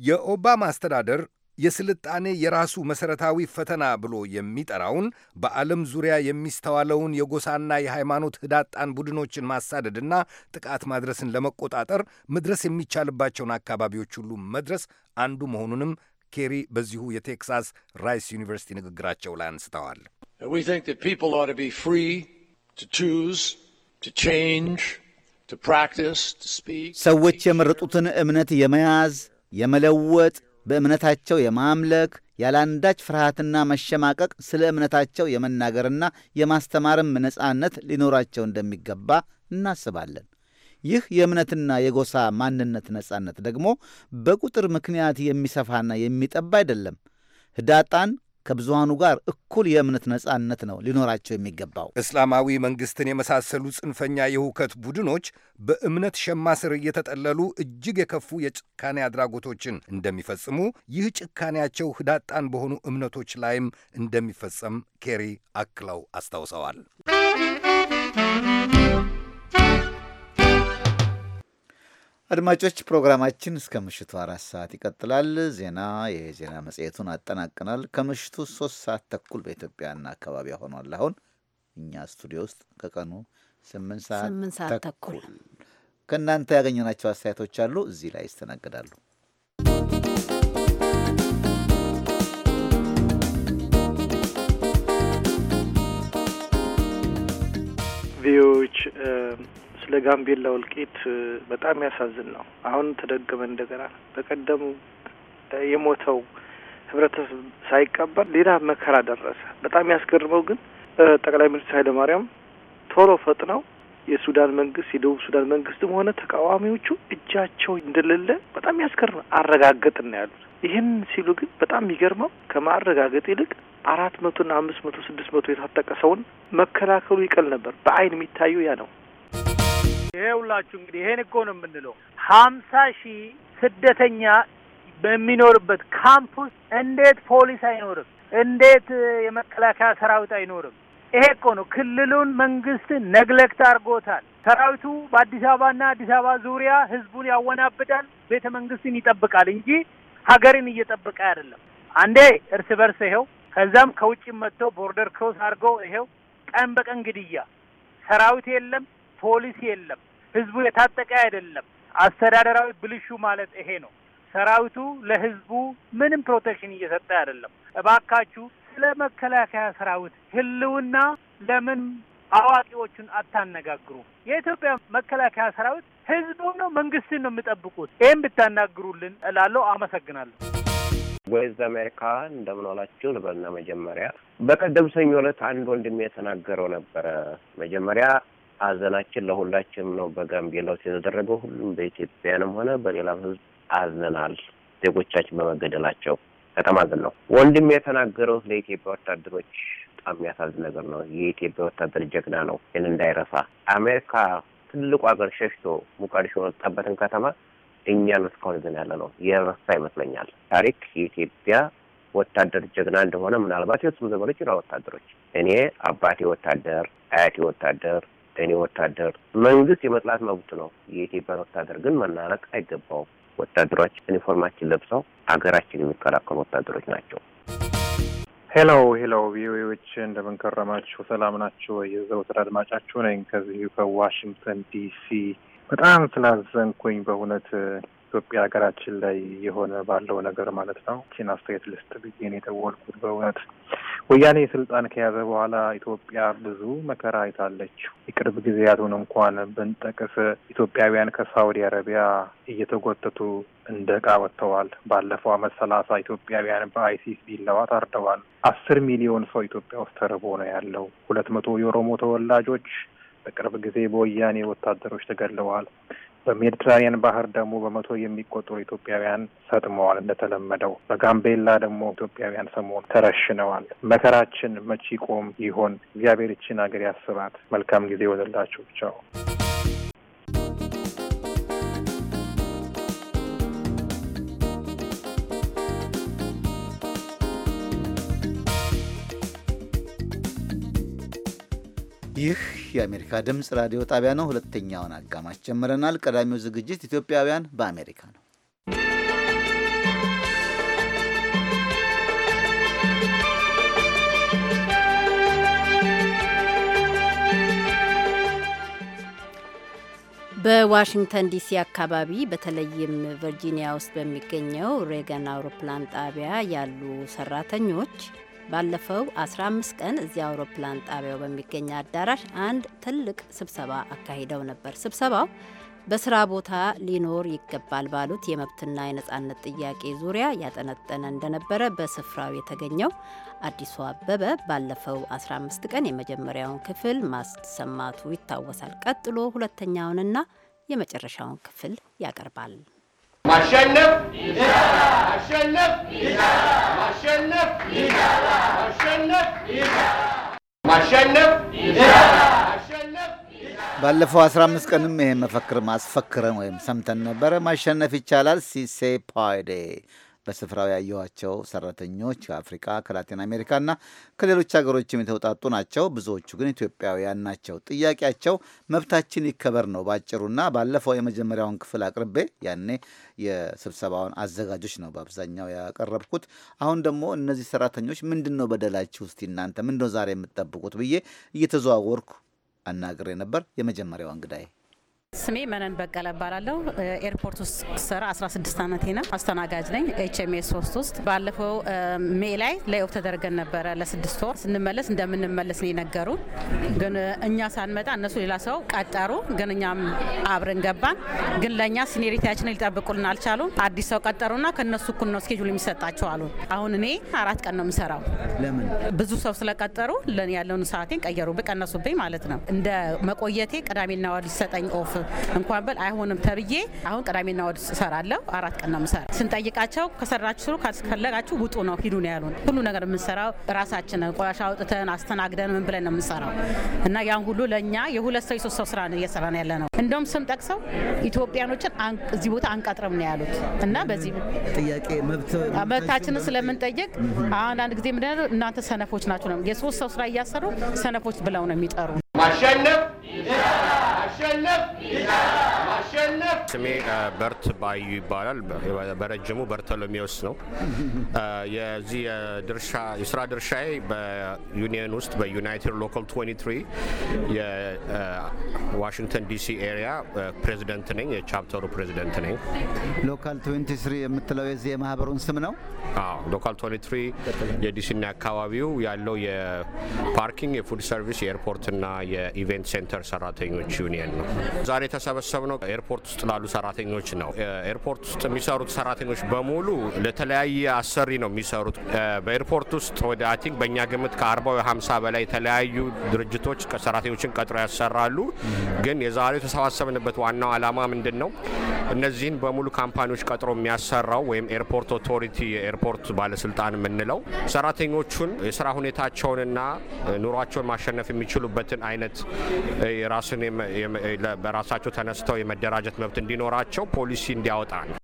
የኦባማ አስተዳደር የስልጣኔ የራሱ መሠረታዊ ፈተና ብሎ የሚጠራውን በዓለም ዙሪያ የሚስተዋለውን የጎሳና የሃይማኖት ህዳጣን ቡድኖችን ማሳደድና ጥቃት ማድረስን ለመቆጣጠር መድረስ የሚቻልባቸውን አካባቢዎች ሁሉ መድረስ አንዱ መሆኑንም ኬሪ በዚሁ የቴክሳስ ራይስ ዩኒቨርሲቲ ንግግራቸው ላይ አንስተዋል። ሰዎች የመረጡትን እምነት የመያዝ የመለወጥ በእምነታቸው የማምለክ ያለአንዳች ፍርሃትና መሸማቀቅ ስለ እምነታቸው የመናገርና የማስተማርም ነጻነት ሊኖራቸው እንደሚገባ እናስባለን። ይህ የእምነትና የጎሳ ማንነት ነጻነት ደግሞ በቁጥር ምክንያት የሚሰፋና የሚጠባ አይደለም። ህዳጣን ከብዙሃኑ ጋር እኩል የእምነት ነጻነት ነው ሊኖራቸው የሚገባው። እስላማዊ መንግስትን የመሳሰሉ ጽንፈኛ የሁከት ቡድኖች በእምነት ሸማ ስር እየተጠለሉ እጅግ የከፉ የጭካኔ አድራጎቶችን እንደሚፈጽሙ፣ ይህ ጭካኔያቸው ህዳጣን በሆኑ እምነቶች ላይም እንደሚፈጸም ኬሪ አክለው አስታውሰዋል። አድማጮች ፕሮግራማችን እስከ ምሽቱ አራት ሰዓት ይቀጥላል። ዜና የዜና መጽሔቱን አጠናቅናል። ከምሽቱ ሶስት ሰዓት ተኩል በኢትዮጵያና አካባቢ ሆኗል። አሁን እኛ ስቱዲዮ ውስጥ ከቀኑ ስምንት ሰዓት ተኩል ከእናንተ ያገኘናቸው አስተያየቶች አሉ፣ እዚህ ላይ ይስተናገዳሉ። ቪዎች ስለ ጋምቤላ እልቂት በጣም ያሳዝን ነው። አሁን ተደገመ እንደገና። በቀደም የሞተው ህብረተሰብ ሳይቀበር ሌላ መከራ ደረሰ። በጣም ያስገርመው ግን ጠቅላይ ሚኒስትር ማርያም ቶሎ ፈጥነው የሱዳን መንግስት የደቡብ ሱዳን መንግስትም ሆነ ተቃዋሚዎቹ እጃቸው እንደሌለ በጣም ያስገርም አረጋገጥና ያሉት ይህን ሲሉ ግን በጣም የሚገርመው ከማረጋገጥ ይልቅ አራት መቶና አምስት መቶ ስድስት መቶ የታጠቀ ሰውን መከላከሉ ይቀል ነበር። በአይን የሚታዩ ያ ነው። ይሄ ሁላችሁ እንግዲህ ይሄን እኮ ነው የምንለው ሀምሳ ሺህ ስደተኛ በሚኖርበት ካምፕ ውስጥ እንዴት ፖሊስ አይኖርም? እንዴት የመከላከያ ሰራዊት አይኖርም? ይሄ እኮ ነው ክልሉን መንግስት ነግለክት አድርጎታል። ሰራዊቱ በአዲስ አበባና አዲስ አበባ ዙሪያ ህዝቡን ያወናብዳል፣ ቤተ መንግስትን ይጠብቃል እንጂ ሀገርን እየጠበቀ አይደለም። አንዴ እርስ በርስ ይኸው፣ ከዛም ከውጭ መጥተው ቦርደር ክሮስ አድርገው ይኸው፣ ቀን በቀን ግድያ፣ ሰራዊት የለም፣ ፖሊስ የለም። ህዝቡ የታጠቀ አይደለም። አስተዳደራዊ ብልሹ ማለት ይሄ ነው። ሰራዊቱ ለህዝቡ ምንም ፕሮቴክሽን እየሰጠ አይደለም። እባካችሁ ስለ መከላከያ ሰራዊት ህልውና ለምን አዋቂዎቹን አታነጋግሩ? የኢትዮጵያ መከላከያ ሰራዊት ህዝቡን ነው፣ መንግስትን ነው የሚጠብቁት። ይህም ብታናግሩልን እላለሁ። አመሰግናለሁ። ወይዝ አሜሪካ እንደምን ዋላችሁ ልበልና መጀመሪያ በቀደም ሰኞ ዕለት አንድ ወንድሜ የተናገረው ነበረ መጀመሪያ ሀዘናችን ለሁላችንም ነው። በጋምቤላ ውስጥ የተደረገው ሁሉም በኢትዮጵያንም ሆነ በሌላም ህዝብ አዝነናል። ዜጎቻችን በመገደላቸው በጣም አዝን ነው። ወንድም የተናገረው ለኢትዮጵያ ወታደሮች በጣም የሚያሳዝን ነገር ነው። የኢትዮጵያ ወታደር ጀግና ነው። ይህን እንዳይረሳ። አሜሪካ ትልቁ ሀገር ሸሽቶ ሙቃዲሾ የወጣበትን ከተማ እኛን እስካሁን ይዘን ያለ ነው። የረሳ ይመስለኛል። ታሪክ የኢትዮጵያ ወታደር ጀግና እንደሆነ ምናልባት የሱም ዘመኖች ይኖ ወታደሮች። እኔ አባቴ ወታደር፣ አያቴ ወታደር እኔ ወታደር መንግስት የመጥላት መብት ነው። የኢትዮጵያን ወታደር ግን መናረቅ አይገባውም። ወታደሮች ዩኒፎርማችን ለብሰው ሀገራችን የሚከላከሉ ወታደሮች ናቸው። ሄሎ ሄሎ፣ ቪኦኤዎች እንደምንከረማችሁ ሰላም ናችሁ? የዘውትር አድማጫችሁ ነኝ ከዚሁ ከዋሽንግተን ዲሲ። በጣም ስላዘንኩኝ በእውነት ኢትዮጵያ ሀገራችን ላይ የሆነ ባለው ነገር ማለት ነው። ቺን አስተያየት ልስጥ ብዬ ነው የደወልኩት። በእውነት ወያኔ ስልጣን ከያዘ በኋላ ኢትዮጵያ ብዙ መከራ አይታለች። የቅርብ ጊዜያቱን እንኳን ብንጠቅስ ኢትዮጵያውያን ከሳውዲ አረቢያ እየተጎተቱ እንደ እቃ ወጥተዋል። ባለፈው ዓመት ሰላሳ ኢትዮጵያውያን በአይሲስ ቢላዋ ታርደዋል። አስር ሚሊዮን ሰው ኢትዮጵያ ውስጥ ተርቦ ነው ያለው። ሁለት መቶ የኦሮሞ ተወላጆች በቅርብ ጊዜ በወያኔ ወታደሮች ተገድለዋል። በሜዲትራኒያን ባህር ደግሞ በመቶ የሚቆጠሩ ኢትዮጵያውያን ሰጥመዋል። እንደተለመደው በጋምቤላ ደግሞ ኢትዮጵያውያን ሰሞን ተረሽነዋል። መከራችን መቼ ይቆም ይሆን? እግዚአብሔር ይችን ሀገር ያስባት። መልካም ጊዜ ወደላችሁ። ቻው። ይህ የአሜሪካ ድምፅ ራዲዮ ጣቢያ ነው። ሁለተኛውን አጋማሽ ጀምረናል። ቀዳሚው ዝግጅት ኢትዮጵያውያን በአሜሪካ ነው። በዋሽንግተን ዲሲ አካባቢ በተለይም ቨርጂኒያ ውስጥ በሚገኘው ሬገን አውሮፕላን ጣቢያ ያሉ ሰራተኞች ባለፈው 15 ቀን እዚያ አውሮፕላን ጣቢያው በሚገኝ አዳራሽ አንድ ትልቅ ስብሰባ አካሂደው ነበር። ስብሰባው በስራ ቦታ ሊኖር ይገባል ባሉት የመብትና የነጻነት ጥያቄ ዙሪያ ያጠነጠነ እንደነበረ በስፍራው የተገኘው አዲሱ አበበ ባለፈው 15 ቀን የመጀመሪያውን ክፍል ማሰማቱ ይታወሳል። ቀጥሎ ሁለተኛውንና የመጨረሻውን ክፍል ያቀርባል። ማሸነፍ ይቻላል። ማሸነፍ ይቻላል። ማሸነፍ ይቻላል። ማሸነፍ ይቻላል። ማሸነፍ ባለፈው 15 ቀንም ይሄ መፈክር ማስፈክረን ወይም ሰምተን ነበረ። ማሸነፍ ይቻላል ሲሴ ፓይዴ በስፍራው ያየኋቸው ሰራተኞች ከአፍሪካ ከላቲን አሜሪካና ከሌሎች ሀገሮችም የተውጣጡ ናቸው። ብዙዎቹ ግን ኢትዮጵያውያን ናቸው። ጥያቄያቸው መብታችን ይከበር ነው ባጭሩና ባለፈው የመጀመሪያውን ክፍል አቅርቤ ያኔ የስብሰባውን አዘጋጆች ነው በአብዛኛው ያቀረብኩት። አሁን ደግሞ እነዚህ ሰራተኞች ምንድን ነው በደላችሁ? እስቲ እናንተ ምንድነው ዛሬ የምትጠብቁት ብዬ እየተዘዋወርኩ አናግሬ ነበር። የመጀመሪያው እንግዳዬ ስሜ መነን በቀለ እባላለሁ። ኤርፖርት ውስጥ ስራ 16 ዓመቴ ነው። አስተናጋጅ ነኝ ኤችኤምኤስ 3 ውስጥ። ባለፈው ሜ ላይ ለኦፍ ተደርገን ነበረ ለስድስት ወር። ስንመለስ እንደምንመለስ ነው የነገሩ። ግን እኛ ሳንመጣ እነሱ ሌላ ሰው ቀጠሩ። ግን እኛም አብረን ገባን። ግን ለእኛ ሲኒሪቲያችን ሊጠብቁልን አልቻሉ። አዲስ ሰው ቀጠሩና ከእነሱ እኩል ነው ስኬጁል የሚሰጣቸው አሉ። አሁን እኔ አራት ቀን ነው የምሰራው። ለምን ብዙ ሰው ስለቀጠሩ ያለውን ሰዓቴን ቀየሩ፣ ብቀነሱብኝ ማለት ነው። እንደ መቆየቴ ቅዳሜና እሑድ ሊሰጠኝ ኦፍ እንኳን በል አይሆንም ተብዬ አሁን ቅዳሜና ወድ ሰራለሁ አራት ቀን ነው ምሰራ። ስንጠይቃቸው ከሰራችሁ ስሩ፣ ካስፈለጋችሁ ውጡ ነው ሂዱ ነው ያሉን። ሁሉ ነገር የምንሰራው ራሳችንን ቆሻሻ አውጥተን አስተናግደን ምን ብለን ነው የምንሰራው እና ያን ሁሉ ለእኛ የሁለት ሰው የሶስት ሰው ስራ ነው እየሰራ ነው ያለ ነው። እንደውም ስም ጠቅሰው ኢትዮጵያኖችን እዚህ ቦታ አንቀጥርም ነው ያሉት እና በዚህ ጥያቄ መብታችንን ስለምንጠይቅ አንዳንድ ጊዜ ምንድነው እናንተ ሰነፎች ናቸው ነው የሶስት ሰው ስራ እያሰሩ ሰነፎች ብለው ነው የሚጠሩ ማሸነፍ mükellef. İlah. ስሜ በርት ባዩ ይባላል። በረጅሙ በርተሎሜዎስ ነው። የዚህ የስራ ድርሻዬ በዩኒየን ውስጥ በዩናይትድ ሎካል 23 የዋሽንግተን ዲሲ ኤሪያ ፕሬዚደንት ነኝ። የቻፕተሩ ፕሬዚደንት ነኝ። ሎካል 23 የምትለው የዚህ የማህበሩን ስም ነው? ሎካል 23 የዲሲና አካባቢው ያለው የፓርኪንግ፣ የፉድ ሰርቪስ፣ የኤርፖርትና የኢቨንት ሴንተር ሰራተኞች ዩኒየን ነው። ዛሬ የተሰበሰብነው ኤርፖርት ኤርፖርት ውስጥ ላሉ ሰራተኞች ነው። ኤርፖርት ውስጥ የሚሰሩት ሰራተኞች በሙሉ ለተለያየ አሰሪ ነው የሚሰሩት። በኤርፖርት ውስጥ ወደ አይ ቲንክ በእኛ ግምት ከአርባ ወይ ሀምሳ በላይ የተለያዩ ድርጅቶች ሰራተኞችን ቀጥሮ ያሰራሉ። ግን የዛሬው የተሰባሰብንበት ዋናው አላማ ምንድን ነው? እነዚህን በሙሉ ካምፓኒዎች ቀጥሮ የሚያሰራው ወይም ኤርፖርት ኦቶሪቲ የኤርፖርት ባለስልጣን የምንለው ሰራተኞቹን የስራ ሁኔታቸውንና ኑሯቸውን ማሸነፍ የሚችሉበትን አይነት የራሱን በራሳቸው ተነስተው የመደራጀ የመደራጀት መብት እንዲኖራቸው ፖሊሲ እንዲያወጣ ነው።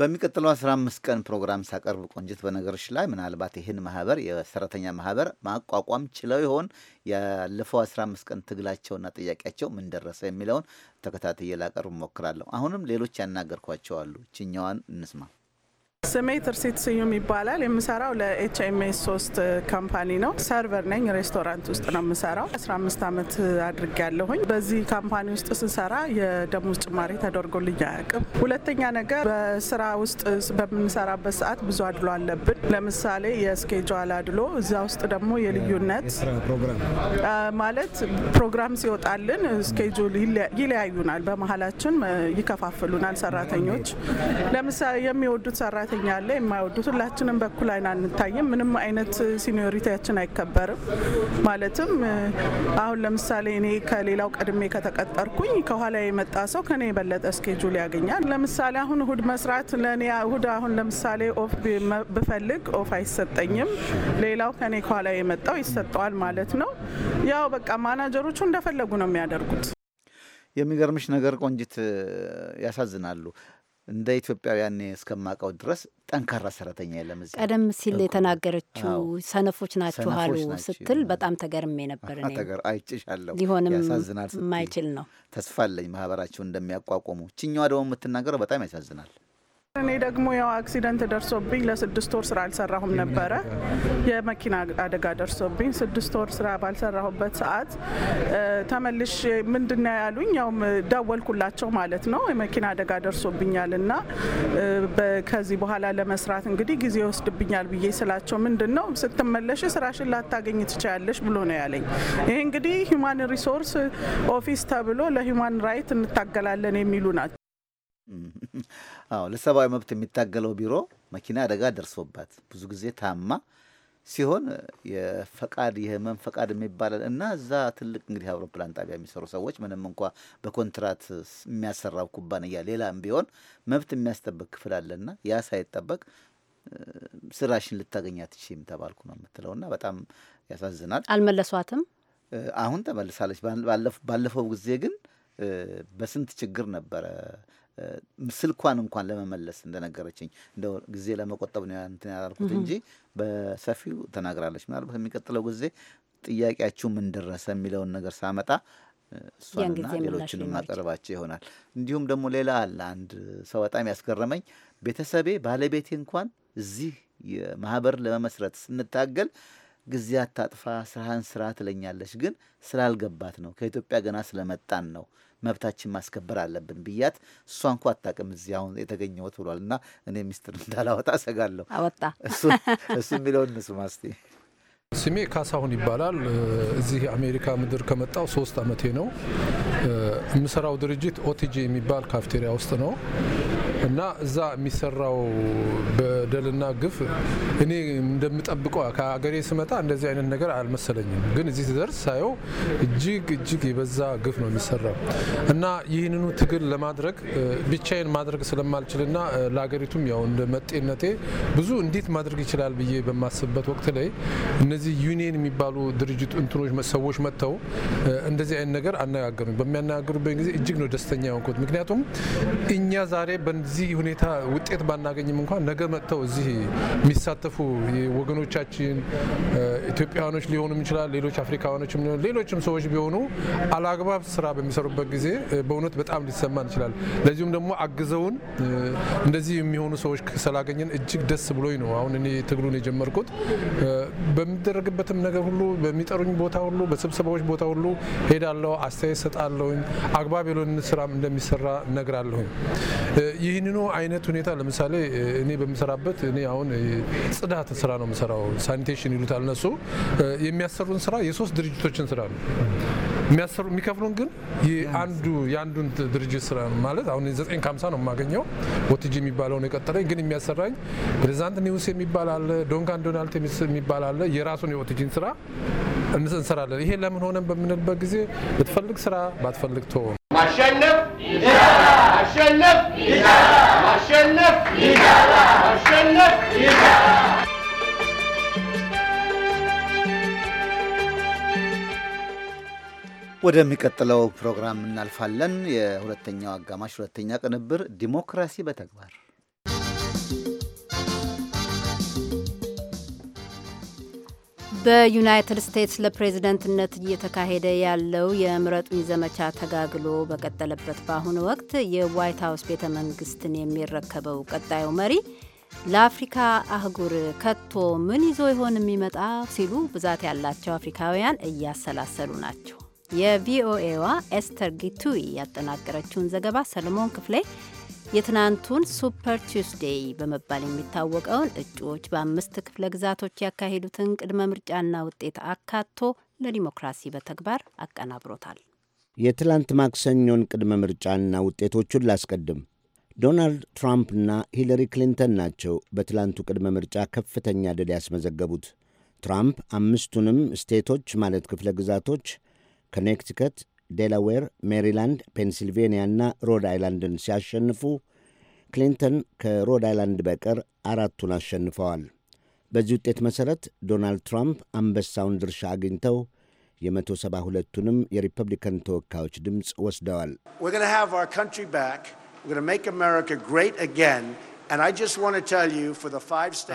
በሚቀጥለው 15 ቀን ፕሮግራም ሳቀርብ ቆንጅት፣ በነገሮች ላይ ምናልባት ይህን ማህበር የሰራተኛ ማህበር ማቋቋም ችለው ይሆን? ያለፈው 15 ቀን ትግላቸውና ጥያቄያቸው ምን ደረሰ የሚለውን ተከታትዬ ላቀርብ እሞክራለሁ። አሁንም ሌሎች ያናገርኳቸው አሉ። ችኛዋን እንስማ። ስሜ ትርሲት ስዩም ይባላል። የምሰራው ለኤች ኤም ኤስ ሶስት ካምፓኒ ነው። ሰርቨር ነኝ። ሬስቶራንት ውስጥ ነው የምሰራው። 15 ዓመት ያለሁኝ በዚህ ካምፓኒ ውስጥ ስንሰራ የደሞዝ ጭማሪ ተደርጎልኝ አያውቅም። ሁለተኛ ነገር በስራ ውስጥ በምንሰራበት ሰዓት ብዙ አድሎ አለብን። ለምሳሌ የስኬጁዋል አድሎ፣ እዛ ውስጥ ደግሞ የልዩነት ማለት ፕሮግራም ሲወጣልን ስኬጁል ይለያዩናል፣ በመሀላችን ይከፋፍሉናል ሰራተኞች ለምሳሌ የሚወዱት ሰራ። ሰራተኛ አለ የማይወዱት። ሁላችንም በኩል አይን አንታይም። ምንም አይነት ሲኒዮሪቲያችን አይከበርም። ማለትም አሁን ለምሳሌ እኔ ከሌላው ቀድሜ ከተቀጠርኩኝ ከኋላ የመጣ ሰው ከኔ የበለጠ እስኬጁል ያገኛል። ለምሳሌ አሁን እሁድ መስራት ለእኔ እሁድ አሁን ለምሳሌ ኦፍ ብፈልግ ኦፍ አይሰጠኝም። ሌላው ከኔ ከኋላ የመጣው ይሰጠዋል ማለት ነው። ያው በቃ ማናጀሮቹ እንደፈለጉ ነው የሚያደርጉት። የሚገርምሽ ነገር ቆንጅት ያሳዝናሉ። እንደ ኢትዮጵያውያን እስከማውቀው ድረስ ጠንካራ ሰራተኛ የለም። እዚህ ቀደም ሲል የተናገረችው ሰነፎች ናችሁ አሉ ስትል በጣም ተገርሜ ነበር። አይጭሻለሁ። ሊሆንም የማይችል ነው። ተስፋ አለኝ ማህበራቸው እንደሚያቋቁሙ። ችኛዋ ደግሞ የምትናገረው በጣም ያሳዝናል። እኔ ደግሞ ያው አክሲደንት ደርሶብኝ ለስድስት ወር ስራ አልሰራሁም ነበረ። የመኪና አደጋ ደርሶብኝ ስድስት ወር ስራ ባልሰራሁበት ሰዓት ተመልሽ ምንድን ነው ያሉኝ፣ ያውም ደወልኩላቸው ማለት ነው። የመኪና አደጋ ደርሶብኛል እና ከዚህ በኋላ ለመስራት እንግዲህ ጊዜ ይወስድብኛል ብዬ ስላቸው ምንድን ነው ስትመለሽ ስራሽን ላታገኝ ትችያለሽ ብሎ ነው ያለኝ። ይህ እንግዲህ ሂውማን ሪሶርስ ኦፊስ ተብሎ ለሂውማን ራይት እንታገላለን የሚሉ ናቸው። አዎ ለሰብአዊ መብት የሚታገለው ቢሮ መኪና አደጋ ደርሶባት ብዙ ጊዜ ታማ ሲሆን የፈቃድ የህመም ፈቃድ የሚባላል እና እዛ ትልቅ እንግዲህ አውሮፕላን ጣቢያ የሚሰሩ ሰዎች ምንም እንኳ በኮንትራት የሚያሰራው ኩባንያ ሌላም ቢሆን መብት የሚያስጠብቅ ክፍል አለና ያ ሳይጠበቅ ስራሽን ልታገኛ አትችይም ተባልኩ ነው የምትለውና በጣም ያሳዝናል። አልመለሷትም። አሁን ተመልሳለች። ባለፈው ጊዜ ግን በስንት ችግር ነበረ ስልኳን እንኳን ለመመለስ እንደነገረችኝ እንደው ጊዜ ለመቆጠብ ነው እንትን ያላልኩት እንጂ በሰፊው ተናግራለች። ምናልባት የሚቀጥለው ጊዜ ጥያቄያችሁ ምን ደረሰ የሚለውን ነገር ሳመጣ እሷንና ሌሎችን ማቀርባቸው ይሆናል። እንዲሁም ደግሞ ሌላ አለ። አንድ ሰው በጣም ያስገረመኝ ቤተሰቤ፣ ባለቤቴ እንኳን እዚህ ማህበር ለመመስረት ስንታገል ጊዜ አታጥፋ፣ ስራህን ስራ ትለኛለች። ግን ስላልገባት ነው ከኢትዮጵያ ገና ስለመጣን ነው መብታችን ማስከበር አለብን ብያት፣ እሷ እንኳ አታውቅም አሁን የተገኘሁት ብሏል። እና እኔ ሚስጥር እንዳላወጣ ሰጋለሁ። አወጣ እሱ የሚለውን ንሱ ማስቴ ስሜ ካሳሁን ይባላል። እዚህ የአሜሪካ ምድር ከመጣው ሶስት አመቴ ነው። የምሰራው ድርጅት ኦቲጂ የሚባል ካፍቴሪያ ውስጥ ነው። እና እዛ የሚሰራው በደልና ግፍ እኔ እንደምጠብቀው ከሀገሬ ስመጣ እንደዚህ አይነት ነገር አልመሰለኝም። ግን እዚህ ስደርስ ሳየው እጅግ እጅግ የበዛ ግፍ ነው የሚሰራው እና ይህንኑ ትግል ለማድረግ ብቻዬን ማድረግ ስለማልችልና ለሀገሪቱም ያው እንደ መጤነቴ ብዙ እንዴት ማድረግ ይችላል ብዬ በማስብበት ወቅት ላይ እነዚህ ዩኒየን የሚባሉ ድርጅት እንትኖች ሰዎች መጥተው እንደዚህ አይነት ነገር አነጋገሩኝ። በሚያነጋግሩበት ጊዜ እጅግ ነው ደስተኛ የሆንኩት። ምክንያቱም እኛ ዛሬ በዚህ ሁኔታ ውጤት ባናገኝም እንኳን ነገ መጥተው እዚህ የሚሳተፉ ወገኖቻችን ኢትዮጵያውያኖች ሊሆኑም ይችላል፣ ሌሎች አፍሪካውያኖችም ሊሆኑ ሌሎችም ሰዎች ቢሆኑ አላግባብ ስራ በሚሰሩበት ጊዜ በእውነት በጣም ሊሰማን ይችላል። ለዚሁም ደግሞ አግዘውን እንደዚህ የሚሆኑ ሰዎች ስላገኘን እጅግ ደስ ብሎኝ ነው አሁን እኔ ትግሉን የጀመርኩት። በሚደረግበትም ነገር ሁሉ በሚጠሩኝ ቦታ ሁሉ በስብሰባዎች ቦታ ሁሉ ሄዳለሁ፣ አስተያየት ሰጣለሁኝ፣ አግባብ የሎን ስራም እንደሚሰራ ነግራለሁኝ። ይህንኑ አይነት ሁኔታ ለምሳሌ እኔ በምሰራበት እኔ አሁን ጽዳት ስራ ነው የምሰራው፣ ሳኒቴሽን ይሉታል እነሱ። የሚያሰሩን ስራ የሶስት ድርጅቶችን ስራ ነው የሚያሰሩ የሚከፍሉን ግን አንዱ የአንዱን ድርጅት ስራ ማለት አሁን ዘጠኝ ከሀምሳ ነው የማገኘው። ወትጅ የሚባለውን የቀጠለኝ ግን የሚያሰራኝ ፕሬዚዳንት ኒውስ የሚባል አለ፣ ዶንካን ዶናልድ የሚባል አለ። የራሱን የወትጅን ስራ እንሰራለን። ይሄ ለምን ሆነን በምንልበት ጊዜ ብትፈልግ ስራ ባትፈልግ ትሆን ማሸነፍ ማሸነፍ ማሸነፍ ማሸነፍ ወደሚቀጥለው ፕሮግራም እናልፋለን። የሁለተኛው አጋማሽ ሁለተኛ ቅንብር ዲሞክራሲ በተግባር በዩናይትድ ስቴትስ ለፕሬዝደንትነት እየተካሄደ ያለው የምረጡኝ ዘመቻ ተጋግሎ በቀጠለበት በአሁኑ ወቅት የዋይት ሀውስ ቤተ መንግስትን የሚረከበው ቀጣዩ መሪ ለአፍሪካ አህጉር ከቶ ምን ይዞ ይሆን የሚመጣ ሲሉ ብዛት ያላቸው አፍሪካውያን እያሰላሰሉ ናቸው። የቪኦኤዋ ኤስተር ጊቱይ ያጠናቀረችውን ዘገባ ሰለሞን ክፍሌ የትናንቱን ሱፐር ቱስዴይ በመባል የሚታወቀውን እጩዎች በአምስት ክፍለ ግዛቶች ያካሄዱትን ቅድመ ምርጫና ውጤት አካቶ ለዲሞክራሲ በተግባር አቀናብሮታል። የትላንት ማክሰኞን ቅድመ ምርጫና ውጤቶቹን ላስቀድም። ዶናልድ ትራምፕና ሂለሪ ክሊንተን ናቸው በትላንቱ ቅድመ ምርጫ ከፍተኛ ድል ያስመዘገቡት። ትራምፕ አምስቱንም ስቴቶች ማለት ክፍለ ግዛቶች ከኔክቲከት፣ ዴላዌር፣ ሜሪላንድ፣ ፔንሲልቬንያ እና ሮድ አይላንድን ሲያሸንፉ ክሊንተን ከሮድ አይላንድ በቀር አራቱን አሸንፈዋል። በዚህ ውጤት መሠረት ዶናልድ ትራምፕ አንበሳውን ድርሻ አግኝተው የመቶ ሰባ ሁለቱንም የሪፐብሊካን ተወካዮች ድምፅ ወስደዋል።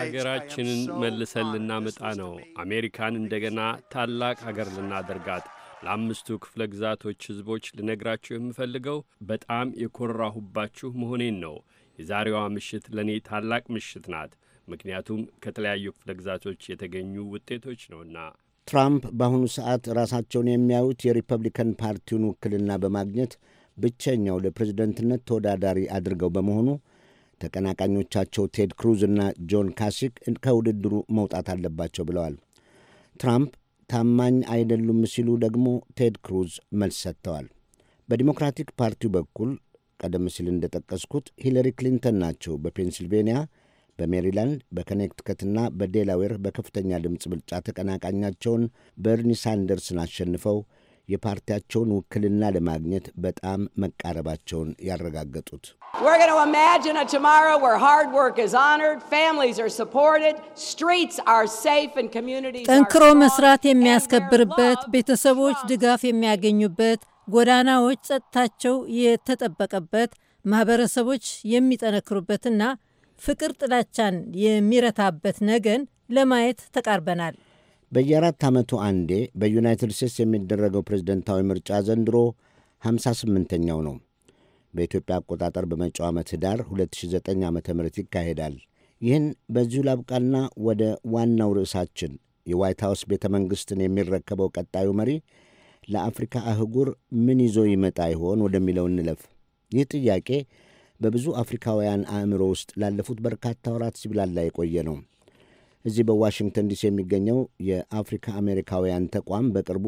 ሀገራችንን መልሰን ልናመጣ ነው። አሜሪካን እንደገና ታላቅ ሀገር ልናደርጋት ለአምስቱ ክፍለ ግዛቶች ሕዝቦች ልነግራችሁ የምፈልገው በጣም የኮራሁባችሁ መሆኔን ነው። የዛሬዋ ምሽት ለእኔ ታላቅ ምሽት ናት፣ ምክንያቱም ከተለያዩ ክፍለ ግዛቶች የተገኙ ውጤቶች ነውና። ትራምፕ በአሁኑ ሰዓት ራሳቸውን የሚያዩት የሪፐብሊካን ፓርቲውን ውክልና በማግኘት ብቸኛው ለፕሬዝደንትነት ተወዳዳሪ አድርገው በመሆኑ ተቀናቃኞቻቸው ቴድ ክሩዝ እና ጆን ካሲክ ከውድድሩ መውጣት አለባቸው ብለዋል። ትራምፕ ታማኝ አይደሉም ሲሉ ደግሞ ቴድ ክሩዝ መልስ ሰጥተዋል። በዲሞክራቲክ ፓርቲው በኩል ቀደም ሲል እንደጠቀስኩት ሂለሪ ክሊንተን ናቸው በፔንሲልቬንያ፣ በሜሪላንድ፣ በከኔክቲከትና በዴላዌር በከፍተኛ ድምፅ ብልጫ ተቀናቃኛቸውን በርኒ ሳንደርስን አሸንፈው የፓርቲያቸውን ውክልና ለማግኘት በጣም መቃረባቸውን ያረጋገጡት ጠንክሮ መስራት የሚያስከብርበት፣ ቤተሰቦች ድጋፍ የሚያገኙበት፣ ጎዳናዎች ጸጥታቸው የተጠበቀበት፣ ማህበረሰቦች የሚጠነክሩበትና ፍቅር ጥላቻን የሚረታበት ነገን ለማየት ተቃርበናል። በየአራት ዓመቱ አንዴ በዩናይትድ ስቴትስ የሚደረገው ፕሬዝደንታዊ ምርጫ ዘንድሮ 58ኛው ነው። በኢትዮጵያ አቆጣጠር በመጪው ዓመት ህዳር 2009 ዓ ም ይካሄዳል። ይህን በዚሁ ላብቃና ወደ ዋናው ርዕሳችን የዋይት ሃውስ ቤተ መንግሥትን የሚረከበው ቀጣዩ መሪ ለአፍሪካ አህጉር ምን ይዞ ይመጣ ይሆን ወደሚለው እንለፍ። ይህ ጥያቄ በብዙ አፍሪካውያን አእምሮ ውስጥ ላለፉት በርካታ ወራት ሲብላላ የቆየ ነው። እዚህ በዋሽንግተን ዲሲ የሚገኘው የአፍሪካ አሜሪካውያን ተቋም በቅርቡ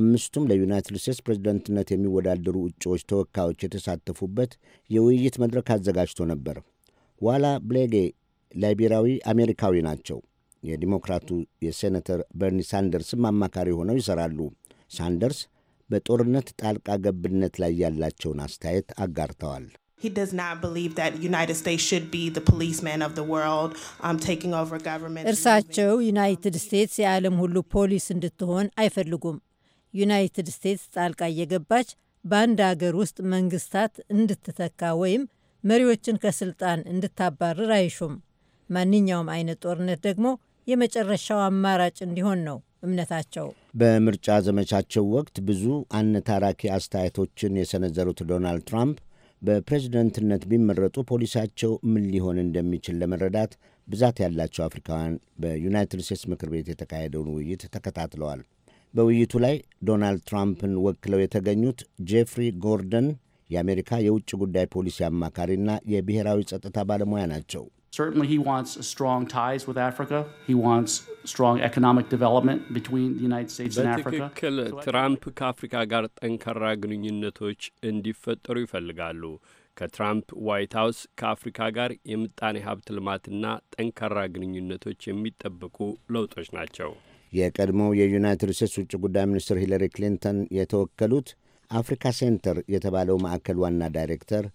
አምስቱም ለዩናይትድ ስቴትስ ፕሬዝደንትነት የሚወዳደሩ እጩዎች ተወካዮች የተሳተፉበት የውይይት መድረክ አዘጋጅቶ ነበር። ዋላ ብሌጌ ላይቤሪያዊ አሜሪካዊ ናቸው። የዲሞክራቱ የሴኔተር በርኒ ሳንደርስም አማካሪ ሆነው ይሠራሉ። ሳንደርስ በጦርነት ጣልቃ ገብነት ላይ ያላቸውን አስተያየት አጋርተዋል። He does not believe that United States should be the policeman of the world, um, taking over government. እርሳቸው ዩናይትድ ስቴትስ የዓለም ሁሉ ፖሊስ እንድትሆን አይፈልጉም። ዩናይትድ ስቴትስ ጣልቃ እየገባች በአንድ አገር ውስጥ መንግስታት እንድትተካ ወይም መሪዎችን ከስልጣን እንድታባርር አይሹም። ማንኛውም አይነት ጦርነት ደግሞ የመጨረሻው አማራጭ እንዲሆን ነው እምነታቸው። በምርጫ ዘመቻቸው ወቅት ብዙ አነታራኪ አስተያየቶችን የሰነዘሩት ዶናልድ ትራምፕ በፕሬዝደንትነት ቢመረጡ ፖሊሳቸው ምን ሊሆን እንደሚችል ለመረዳት ብዛት ያላቸው አፍሪካውያን በዩናይትድ ስቴትስ ምክር ቤት የተካሄደውን ውይይት ተከታትለዋል። በውይይቱ ላይ ዶናልድ ትራምፕን ወክለው የተገኙት ጄፍሪ ጎርደን የአሜሪካ የውጭ ጉዳይ ፖሊሲ አማካሪና የብሔራዊ ጸጥታ ባለሙያ ናቸው። Certainly, he wants strong ties with Africa. He wants strong economic development between the United States and Africa. በትክክል ትራምፕ ከአፍሪካ ጋር ጠንካራ ግንኙነቶች እንዲፈጠሩ ይፈልጋሉ። ከትራምፕ ዋይት ሀውስ ከአፍሪካ ጋር የምጣኔ ሀብት ልማትና ጠንካራ ግንኙነቶች የሚጠበቁ ለውጦች ናቸው። የቀድሞው የዩናይትድ ስቴትስ ውጭ ጉዳይ ሚኒስትር ሂለሪ ክሊንተን የተወከሉት አፍሪካ ሴንተር የተባለው ማዕከል ዋና ዳይሬክተር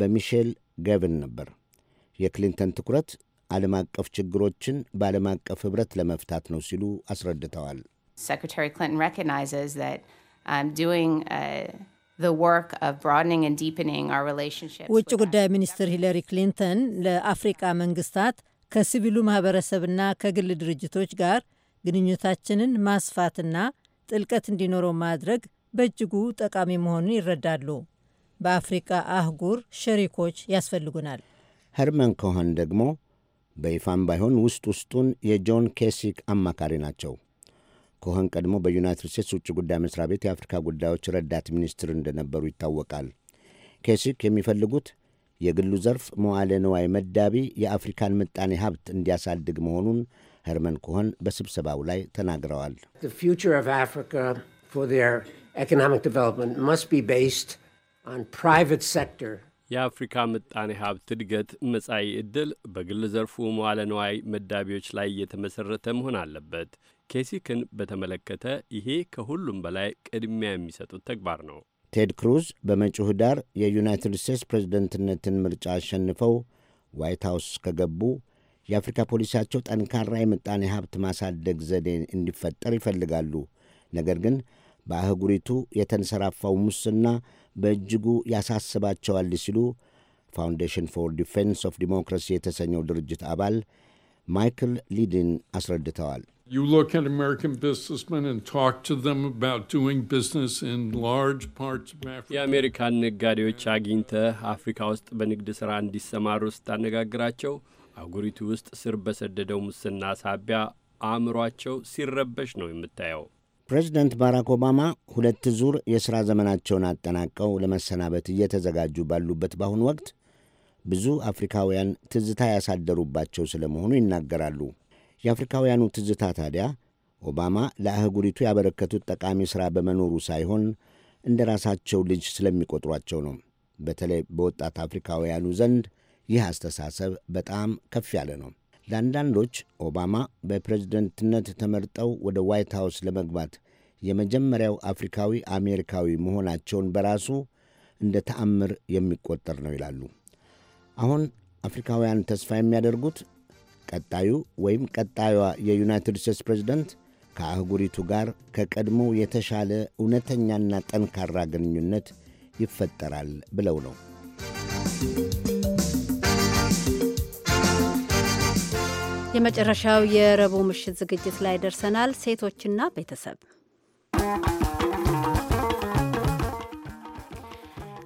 በሚሼል ገቪን ነበር። የክሊንተን ትኩረት ዓለም አቀፍ ችግሮችን በዓለም አቀፍ ኅብረት ለመፍታት ነው ሲሉ አስረድተዋል። um, uh, ውጭ ጉዳይ ሚኒስትር ሂለሪ ክሊንተን ለአፍሪቃ መንግስታት ከሲቪሉ ማኅበረሰብና ከግል ድርጅቶች ጋር ግንኙታችንን ማስፋትና ጥልቀት እንዲኖረው ማድረግ በእጅጉ ጠቃሚ መሆኑን ይረዳሉ። በአፍሪቃ አህጉር ሸሪኮች ያስፈልጉናል። ሄርመን ኮኸን ደግሞ በይፋም ባይሆን ውስጥ ውስጡን የጆን ኬሲክ አማካሪ ናቸው። ኮኸን ቀድሞ በዩናይትድ ስቴትስ ውጭ ጉዳይ መስሪያ ቤት የአፍሪካ ጉዳዮች ረዳት ሚኒስትር እንደነበሩ ይታወቃል። ኬሲክ የሚፈልጉት የግሉ ዘርፍ መዋለ ንዋይ መዳቢ የአፍሪካን ምጣኔ ሀብት እንዲያሳድግ መሆኑን ሄርመን ኮኸን በስብሰባው ላይ ተናግረዋል። የአፍሪካ ምጣኔ ሀብት እድገት መጻኢ ዕድል በግል ዘርፉ መዋለ ንዋይ መዳቢዎች ላይ የተመሠረተ መሆን አለበት። ኬሲክን በተመለከተ ይሄ ከሁሉም በላይ ቅድሚያ የሚሰጡት ተግባር ነው። ቴድ ክሩዝ በመጪው ኅዳር የዩናይትድ ስቴትስ ፕሬዝደንትነትን ምርጫ አሸንፈው ዋይት ሃውስ ከገቡ የአፍሪካ ፖሊሲያቸው ጠንካራ የምጣኔ ሀብት ማሳደግ ዘዴ እንዲፈጠር ይፈልጋሉ። ነገር ግን በአህጉሪቱ የተንሰራፋው ሙስና በእጅጉ ያሳስባቸዋል ሲሉ ፋውንዴሽን ፎር ዲፌንስ ኦፍ ዲሞክራሲ የተሰኘው ድርጅት አባል ማይክል ሊድን አስረድተዋል። የአሜሪካን ነጋዴዎች አግኝተህ አፍሪካ ውስጥ በንግድ ሥራ እንዲሰማሩ ስታነጋግራቸው አህጉሪቱ ውስጥ ስር በሰደደው ሙስና ሳቢያ አእምሯቸው ሲረበሽ ነው የምታየው። ፕሬዚደንት ባራክ ኦባማ ሁለት ዙር የሥራ ዘመናቸውን አጠናቀው ለመሰናበት እየተዘጋጁ ባሉበት በአሁኑ ወቅት ብዙ አፍሪካውያን ትዝታ ያሳደሩባቸው ስለመሆኑ ይናገራሉ። የአፍሪካውያኑ ትዝታ ታዲያ ኦባማ ለአህጉሪቱ ያበረከቱት ጠቃሚ ሥራ በመኖሩ ሳይሆን እንደ ራሳቸው ልጅ ስለሚቆጥሯቸው ነው። በተለይ በወጣት አፍሪካውያኑ ዘንድ ይህ አስተሳሰብ በጣም ከፍ ያለ ነው። ለአንዳንዶች ኦባማ በፕሬዝደንትነት ተመርጠው ወደ ዋይት ሃውስ ለመግባት የመጀመሪያው አፍሪካዊ አሜሪካዊ መሆናቸውን በራሱ እንደ ተአምር የሚቆጠር ነው ይላሉ። አሁን አፍሪካውያን ተስፋ የሚያደርጉት ቀጣዩ ወይም ቀጣዩዋ የዩናይትድ ስቴትስ ፕሬዝደንት ከአህጉሪቱ ጋር ከቀድሞ የተሻለ እውነተኛና ጠንካራ ግንኙነት ይፈጠራል ብለው ነው። የመጨረሻው የረቡዕ ምሽት ዝግጅት ላይ ደርሰናል። ሴቶችና ቤተሰብ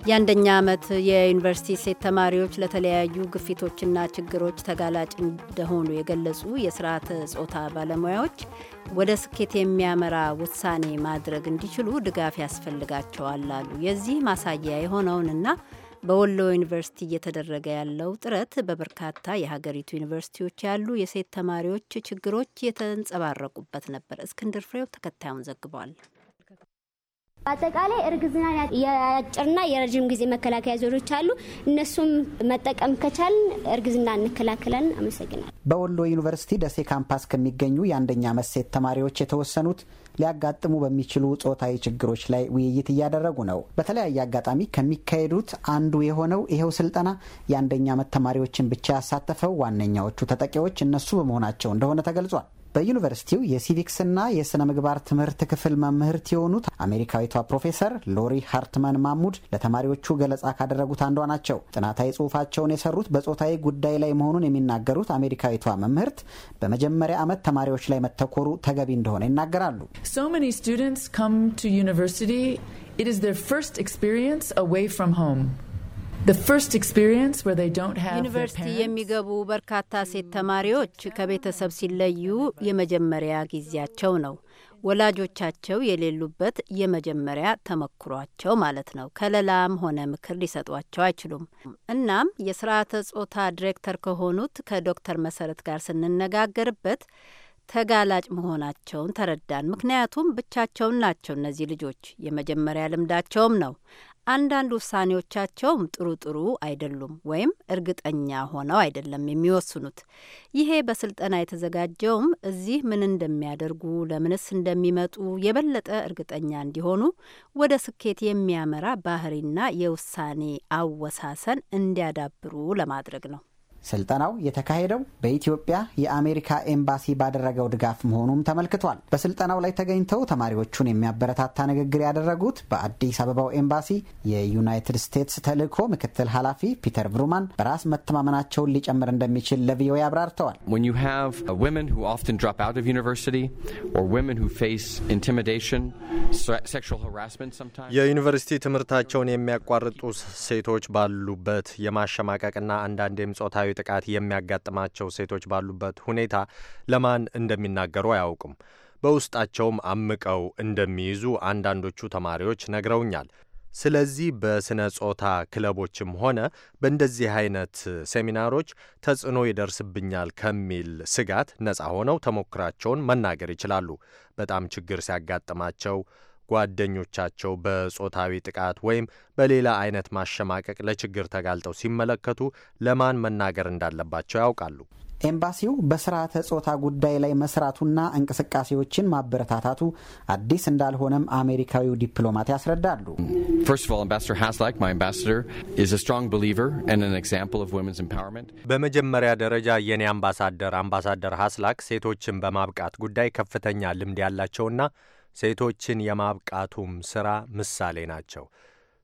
የአንደኛ ዓመት የዩኒቨርሲቲ ሴት ተማሪዎች ለተለያዩ ግፊቶችና ችግሮች ተጋላጭ እንደሆኑ የገለጹ የስርዓተ ጾታ ባለሙያዎች ወደ ስኬት የሚያመራ ውሳኔ ማድረግ እንዲችሉ ድጋፍ ያስፈልጋቸዋል አሉ። የዚህ ማሳያ የሆነውንና በወሎ ዩኒቨርሲቲ እየተደረገ ያለው ጥረት በበርካታ የሀገሪቱ ዩኒቨርሲቲዎች ያሉ የሴት ተማሪዎች ችግሮች የተንጸባረቁበት ነበር። እስክንድር ፍሬው ተከታዩን ዘግቧል። በአጠቃላይ እርግዝና የአጭርና የረዥም ጊዜ መከላከያ ዘዴዎች አሉ። እነሱም መጠቀም ከቻልን እርግዝና እንከላከለን አመሰግናል። በወሎ ዩኒቨርሲቲ ደሴ ካምፓስ ከሚገኙ የአንደኛ ዓመት ሴት ተማሪዎች የተወሰኑት ሊያጋጥሙ በሚችሉ ጾታዊ ችግሮች ላይ ውይይት እያደረጉ ነው። በተለያየ አጋጣሚ ከሚካሄዱት አንዱ የሆነው ይኸው ስልጠና የአንደኛ ዓመት ተማሪዎችን ብቻ ያሳተፈው ዋነኛዎቹ ተጠቂዎች እነሱ በመሆናቸው እንደሆነ ተገልጿል። በዩኒቨርሲቲው የሲቪክስና የሥነ ምግባር ትምህርት ክፍል መምህርት የሆኑት አሜሪካዊቷ ፕሮፌሰር ሎሪ ሃርትማን ማሙድ ለተማሪዎቹ ገለጻ ካደረጉት አንዷ ናቸው። ጥናታዊ ጽሑፋቸውን የሰሩት በጾታዊ ጉዳይ ላይ መሆኑን የሚናገሩት አሜሪካዊቷ መምህርት በመጀመሪያ ዓመት ተማሪዎች ላይ መተኮሩ ተገቢ እንደሆነ ይናገራሉ። ዩኒቨርሲቲ ዩኒቨርሲቲ የሚገቡ በርካታ ሴት ተማሪዎች ከቤተሰብ ሲለዩ የመጀመሪያ ጊዜያቸው ነው። ወላጆቻቸው የሌሉበት የመጀመሪያ ተመክሯቸው ማለት ነው። ከለላም ሆነ ምክር ሊሰጧቸው አይችሉም። እናም የስርዓተ ጾታ ዲሬክተር ከሆኑት ከዶክተር መሰረት ጋር ስንነጋገርበት ተጋላጭ መሆናቸውን ተረዳን። ምክንያቱም ብቻቸውን ናቸው እነዚህ ልጆች፣ የመጀመሪያ ልምዳቸውም ነው። አንዳንድ ውሳኔዎቻቸውም ጥሩ ጥሩ አይደሉም ወይም እርግጠኛ ሆነው አይደለም የሚወስኑት። ይሄ በስልጠና የተዘጋጀውም እዚህ ምን እንደሚያደርጉ ለምንስ እንደሚመጡ የበለጠ እርግጠኛ እንዲሆኑ ወደ ስኬት የሚያመራ ባህሪና የውሳኔ አወሳሰን እንዲያዳብሩ ለማድረግ ነው። ስልጠናው የተካሄደው በኢትዮጵያ የአሜሪካ ኤምባሲ ባደረገው ድጋፍ መሆኑም ተመልክቷል። በስልጠናው ላይ ተገኝተው ተማሪዎቹን የሚያበረታታ ንግግር ያደረጉት በአዲስ አበባው ኤምባሲ የዩናይትድ ስቴትስ ተልእኮ ምክትል ኃላፊ ፒተር ብሩማን በራስ መተማመናቸውን ሊጨምር እንደሚችል ለቪኦኤ አብራርተዋል። uh, የዩኒቨርሲቲ ትምህርታቸውን የሚያቋርጡ ሴቶች ባሉበት የማሸማቀቅና አንዳንድ የምጾታዊ ጾታዊ ጥቃት የሚያጋጥማቸው ሴቶች ባሉበት ሁኔታ ለማን እንደሚናገሩ አያውቁም። በውስጣቸውም አምቀው እንደሚይዙ አንዳንዶቹ ተማሪዎች ነግረውኛል። ስለዚህ በስነ ጾታ ክለቦችም ሆነ በእንደዚህ አይነት ሴሚናሮች ተጽዕኖ ይደርስብኛል ከሚል ስጋት ነፃ ሆነው ተሞክራቸውን መናገር ይችላሉ። በጣም ችግር ሲያጋጥማቸው ጓደኞቻቸው በጾታዊ ጥቃት ወይም በሌላ አይነት ማሸማቀቅ ለችግር ተጋልጠው ሲመለከቱ ለማን መናገር እንዳለባቸው ያውቃሉ። ኤምባሲው በስርዓተ ጾታ ጉዳይ ላይ መስራቱና እንቅስቃሴዎችን ማበረታታቱ አዲስ እንዳልሆነም አሜሪካዊው ዲፕሎማት ያስረዳሉ። በመጀመሪያ ደረጃ የኔ አምባሳደር አምባሳደር ሀስላክ ሴቶችን በማብቃት ጉዳይ ከፍተኛ ልምድ ያላቸውና ሴቶችን የማብቃቱም ሥራ ምሳሌ ናቸው።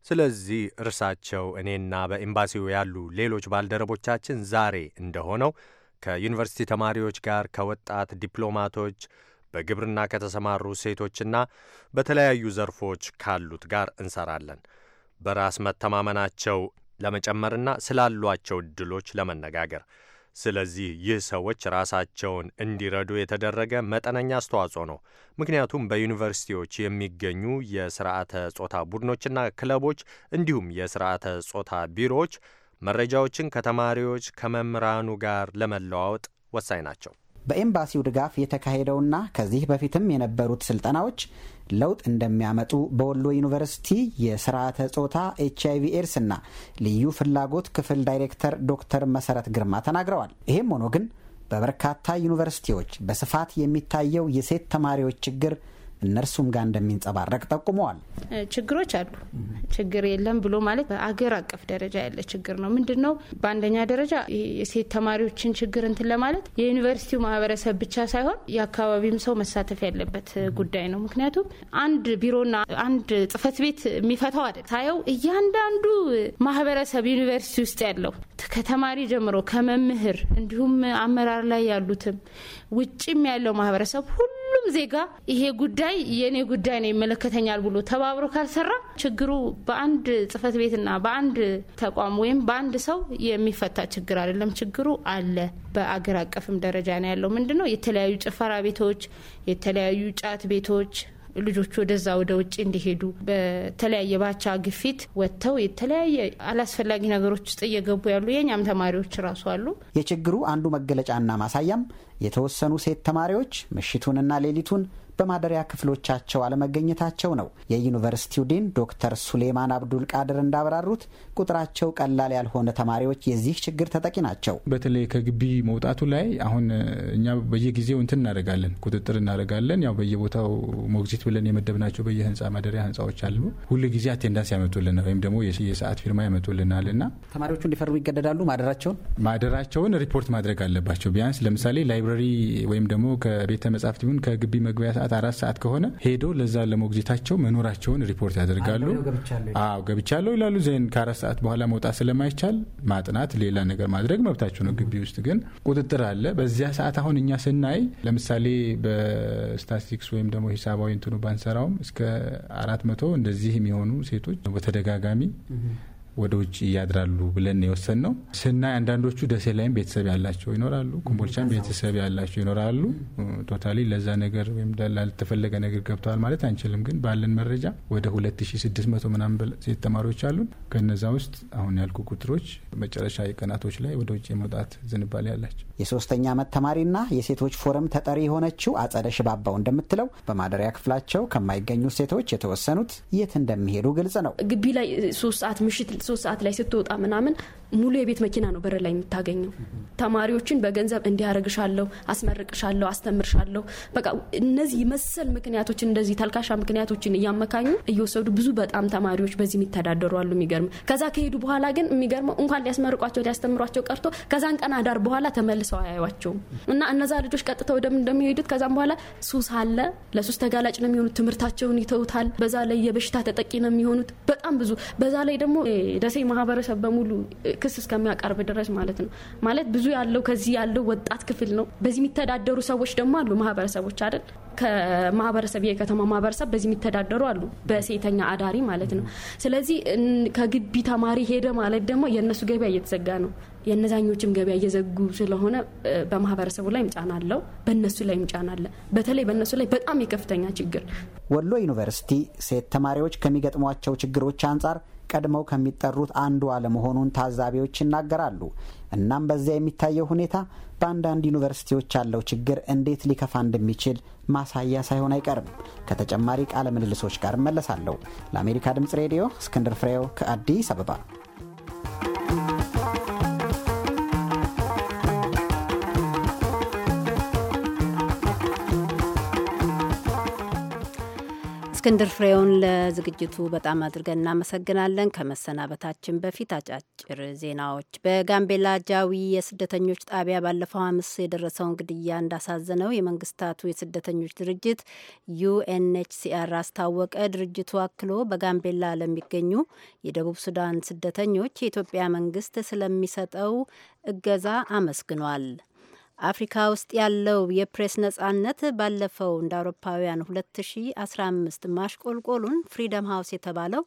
ስለዚህ እርሳቸው እኔና በኤምባሲው ያሉ ሌሎች ባልደረቦቻችን ዛሬ እንደሆነው ከዩኒቨርሲቲ ተማሪዎች ጋር ከወጣት ዲፕሎማቶች በግብርና ከተሰማሩ ሴቶችና በተለያዩ ዘርፎች ካሉት ጋር እንሰራለን። በራስ መተማመናቸው ለመጨመርና ስላሏቸው እድሎች ለመነጋገር ስለዚህ ይህ ሰዎች ራሳቸውን እንዲረዱ የተደረገ መጠነኛ አስተዋጽኦ ነው። ምክንያቱም በዩኒቨርሲቲዎች የሚገኙ የስርዓተ ጾታ ቡድኖችና ክለቦች እንዲሁም የስርዓተ ጾታ ቢሮዎች መረጃዎችን ከተማሪዎች ከመምህራኑ ጋር ለመለዋወጥ ወሳኝ ናቸው። በኤምባሲው ድጋፍ የተካሄደውና ከዚህ በፊትም የነበሩት ስልጠናዎች ለውጥ እንደሚያመጡ በወሎ ዩኒቨርሲቲ የስርዓተ ጾታ ኤች አይቪ ኤድስና ልዩ ፍላጎት ክፍል ዳይሬክተር ዶክተር መሰረት ግርማ ተናግረዋል። ይህም ሆኖ ግን በበርካታ ዩኒቨርሲቲዎች በስፋት የሚታየው የሴት ተማሪዎች ችግር እነርሱም ጋር እንደሚንጸባረቅ ጠቁመዋል። ችግሮች አሉ። ችግር የለም ብሎ ማለት በአገር አቀፍ ደረጃ ያለ ችግር ነው። ምንድን ነው? በአንደኛ ደረጃ የሴት ተማሪዎችን ችግር እንትን ለማለት የዩኒቨርሲቲው ማህበረሰብ ብቻ ሳይሆን የአካባቢም ሰው መሳተፍ ያለበት ጉዳይ ነው። ምክንያቱም አንድ ቢሮና አንድ ጽህፈት ቤት የሚፈታው አደ ታየው እያንዳንዱ ማህበረሰብ ዩኒቨርሲቲ ውስጥ ያለው ከተማሪ ጀምሮ ከመምህር እንዲሁም አመራር ላይ ያሉትም ውጭም ያለው ማህበረሰብ ሁሉ ዜጋ ይሄ ጉዳይ የእኔ ጉዳይ ነው ይመለከተኛል ብሎ ተባብሮ ካልሰራ ችግሩ በአንድ ጽፈት ቤትና በአንድ ተቋም ወይም በአንድ ሰው የሚፈታ ችግር አይደለም። ችግሩ አለ። በአገር አቀፍም ደረጃ ነው ያለው። ምንድነው የተለያዩ ጭፈራ ቤቶች፣ የተለያዩ ጫት ቤቶች ልጆቹ ወደዛ ወደ ውጭ እንዲሄዱ በተለያየ ባቻ ግፊት ወጥተው የተለያየ አላስፈላጊ ነገሮች ውስጥ እየገቡ ያሉ የእኛም ተማሪዎች ራሱ አሉ። የችግሩ አንዱ መገለጫና ማሳያም የተወሰኑ ሴት ተማሪዎች ምሽቱንና ሌሊቱን በማደሪያ ክፍሎቻቸው አለመገኘታቸው ነው። የዩኒቨርሲቲው ዲን ዶክተር ሱሌማን አብዱል ቃድር እንዳብራሩት ቁጥራቸው ቀላል ያልሆነ ተማሪዎች የዚህ ችግር ተጠቂ ናቸው። በተለይ ከግቢ መውጣቱ ላይ አሁን እኛ በየጊዜው እንትን እናደርጋለን፣ ቁጥጥር እናደርጋለን። ያው በየቦታው ሞግዚት ብለን የመደብናቸው በየህንፃ ማደሪያ ህንፃዎች አሉ። ሁሉ ጊዜ አቴንዳንስ ያመጡልናል ወይም ደግሞ የሰዓት ፊርማ ያመጡልናል እና ተማሪዎቹ እንዲፈርሙ ይገደዳሉ። ማደራቸውን ማደራቸውን ሪፖርት ማድረግ አለባቸው። ቢያንስ ለምሳሌ ላይብራሪ ወይም ደግሞ ከቤተ መጻሕፍት ይሁን ከግቢ መግቢያ ሰዓት አራት ሰዓት ከሆነ ሄዶ ለዛ ለሞግዚታቸው መኖራቸውን ሪፖርት ያደርጋሉ። አዎ ገብቻለሁ ይላሉ። ዜን ከአራት ሰዓት በኋላ መውጣት ስለማይቻል ማጥናት፣ ሌላ ነገር ማድረግ መብታቸው ነው። ግቢ ውስጥ ግን ቁጥጥር አለ። በዚያ ሰዓት አሁን እኛ ስናይ ለምሳሌ በስታቲስቲክስ ወይም ደግሞ ሂሳባዊ እንትኑ ባንሰራውም እስከ አራት መቶ እንደዚህ የሚሆኑ ሴቶች በተደጋጋሚ ወደ ውጭ ያድራሉ ብለን የወሰን ነው ስናይ አንዳንዶቹ ደሴ ላይም ቤተሰብ ያላቸው ይኖራሉ፣ ኮምቦልቻም ቤተሰብ ያላቸው ይኖራሉ። ቶታሊ ለዛ ነገር ወይም ላልተፈለገ ነገር ገብተዋል ማለት አንችልም። ግን ባለን መረጃ ወደ 2600 ምናምን ሴት ተማሪዎች አሉን። ከነዛ ውስጥ አሁን ያልኩ ቁጥሮች መጨረሻ ቀናቶች ላይ ወደ ውጭ የመውጣት ዝንባሌ ያላቸው የሶስተኛ ዓመት ተማሪና የሴቶች ፎረም ተጠሪ የሆነችው አጸደ ሽባባው እንደምትለው በማደሪያ ክፍላቸው ከማይገኙ ሴቶች የተወሰኑት የት እንደሚሄዱ ግልጽ ነው። ግቢ ላይ ሶስት ሰዓት ምሽት ሶስት ሰዓት ላይ ስትወጣ ምናምን ሙሉ የቤት መኪና ነው በር ላይ የምታገኘው። ተማሪዎችን በገንዘብ እንዲያረግሻለሁ፣ አስመርቅሻለሁ፣ አስተምርሻለሁ በቃ እነዚህ መሰል ምክንያቶችን እንደዚህ ተልካሻ ምክንያቶችን እያመካኙ እየወሰዱ ብዙ በጣም ተማሪዎች በዚህ የሚተዳደሩ አሉ። የሚገርም ከዛ ከሄዱ በኋላ ግን የሚገርመው እንኳን ሊያስመርቋቸው ሊያስተምሯቸው ቀርቶ ከዛን ቀን አዳር በኋላ ተመልሰው አያዩቸውም እና እነዛ ልጆች ቀጥተው ወደምን እንደሚሄዱት ከዛም በኋላ ሱስ አለ። ለሱስ ተጋላጭ ነው የሚሆኑት። ትምህርታቸውን ይተውታል። በዛ ላይ የበሽታ ተጠቂ ነው የሚሆኑት በጣም ብዙ። በዛ ላይ ደግሞ ደሴ ማህበረሰብ በሙሉ ክስ እስከሚያቀርብ ድረስ ማለት ነው። ማለት ብዙ ያለው ከዚህ ያለው ወጣት ክፍል ነው። በዚህ የሚተዳደሩ ሰዎች ደግሞ አሉ። ማህበረሰቦች አይደል ከማህበረሰብ የከተማ ማህበረሰብ በዚህ የሚተዳደሩ አሉ፣ በሴተኛ አዳሪ ማለት ነው። ስለዚህ ከግቢ ተማሪ ሄደ ማለት ደግሞ የእነሱ ገበያ እየተዘጋ ነው። የእነዛኞችም ገበያ እየዘጉ ስለሆነ በማህበረሰቡ ላይ ጫና አለው፣ በእነሱ ላይ ጫና አለ። በተለይ በእነሱ ላይ በጣም የከፍተኛ ችግር ወሎ ዩኒቨርሲቲ ሴት ተማሪዎች ከሚገጥሟቸው ችግሮች አንጻር ቀድመው ከሚጠሩት አንዱ አለመሆኑን ታዛቢዎች ይናገራሉ። እናም በዚያ የሚታየው ሁኔታ በአንዳንድ ዩኒቨርሲቲዎች ያለው ችግር እንዴት ሊከፋ እንደሚችል ማሳያ ሳይሆን አይቀርም። ከተጨማሪ ቃለ ምልልሶች ጋር እመለሳለሁ። ለአሜሪካ ድምፅ ሬዲዮ እስክንድር ፍሬው ከአዲስ አበባ እስክንድር ፍሬውን ለዝግጅቱ በጣም አድርገን እናመሰግናለን። ከመሰናበታችን በፊት አጫጭር ዜናዎች። በጋምቤላ ጃዊ የስደተኞች ጣቢያ ባለፈው ሐሙስ የደረሰውን ግድያ እንዳሳዘነው የመንግስታቱ የስደተኞች ድርጅት ዩኤንኤችሲአር አስታወቀ። ድርጅቱ አክሎ በጋምቤላ ለሚገኙ የደቡብ ሱዳን ስደተኞች የኢትዮጵያ መንግስት ስለሚሰጠው እገዛ አመስግኗል። አፍሪካ ውስጥ ያለው የፕሬስ ነጻነት ባለፈው እንደ አውሮፓውያን 2015 ማሽቆልቆሉን ፍሪደም ሀውስ የተባለው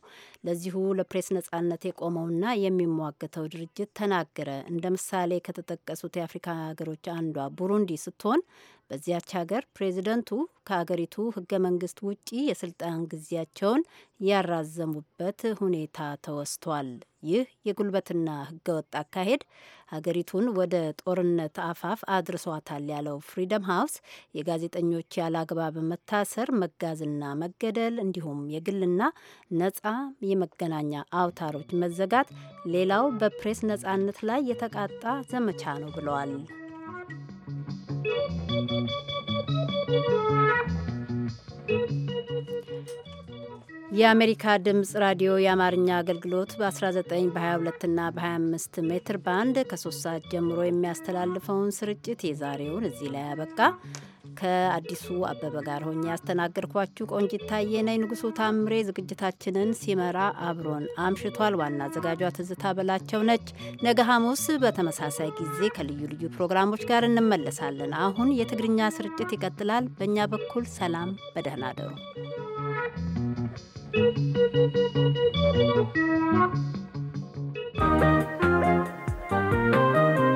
ለዚሁ ለፕሬስ ነጻነት የቆመውና የሚሟገተው ድርጅት ተናገረ። እንደ ምሳሌ ከተጠቀሱት የአፍሪካ ሀገሮች አንዷ ቡሩንዲ ስትሆን በዚያች ሀገር ፕሬዚደንቱ ከሀገሪቱ ህገ መንግስት ውጪ የስልጣን ጊዜያቸውን ያራዘሙበት ሁኔታ ተወስቷል። ይህ የጉልበትና ህገወጥ አካሄድ ሀገሪቱን ወደ ጦርነት አፋፍ አድርሷታል ያለው ፍሪደም ሃውስ የጋዜጠኞች ያለአግባብ መታሰር፣ መጋዝና መገደል እንዲሁም የግልና ነጻ የመገናኛ አውታሮች መዘጋት ሌላው በፕሬስ ነጻነት ላይ የተቃጣ ዘመቻ ነው ብለዋል። የአሜሪካ ድምፅ ራዲዮ የአማርኛ አገልግሎት በ19 በ22 እና በ25 ሜትር ባንድ ከሶስት ሰዓት ጀምሮ የሚያስተላልፈውን ስርጭት የዛሬውን እዚህ ላይ አበቃ ከአዲሱ አበበ ጋር ሆኜ ያስተናገድኳችሁ ቆንጂት ታየ ነኝ። ንጉሱ ታምሬ ዝግጅታችንን ሲመራ አብሮን አምሽቷል። ዋና አዘጋጇ ትዝታ በላቸው ነች። ነገ ሐሙስ በተመሳሳይ ጊዜ ከልዩ ልዩ ፕሮግራሞች ጋር እንመለሳለን። አሁን የትግርኛ ስርጭት ይቀጥላል። በእኛ በኩል ሰላም፣ በደህና አደሩ። Thank you.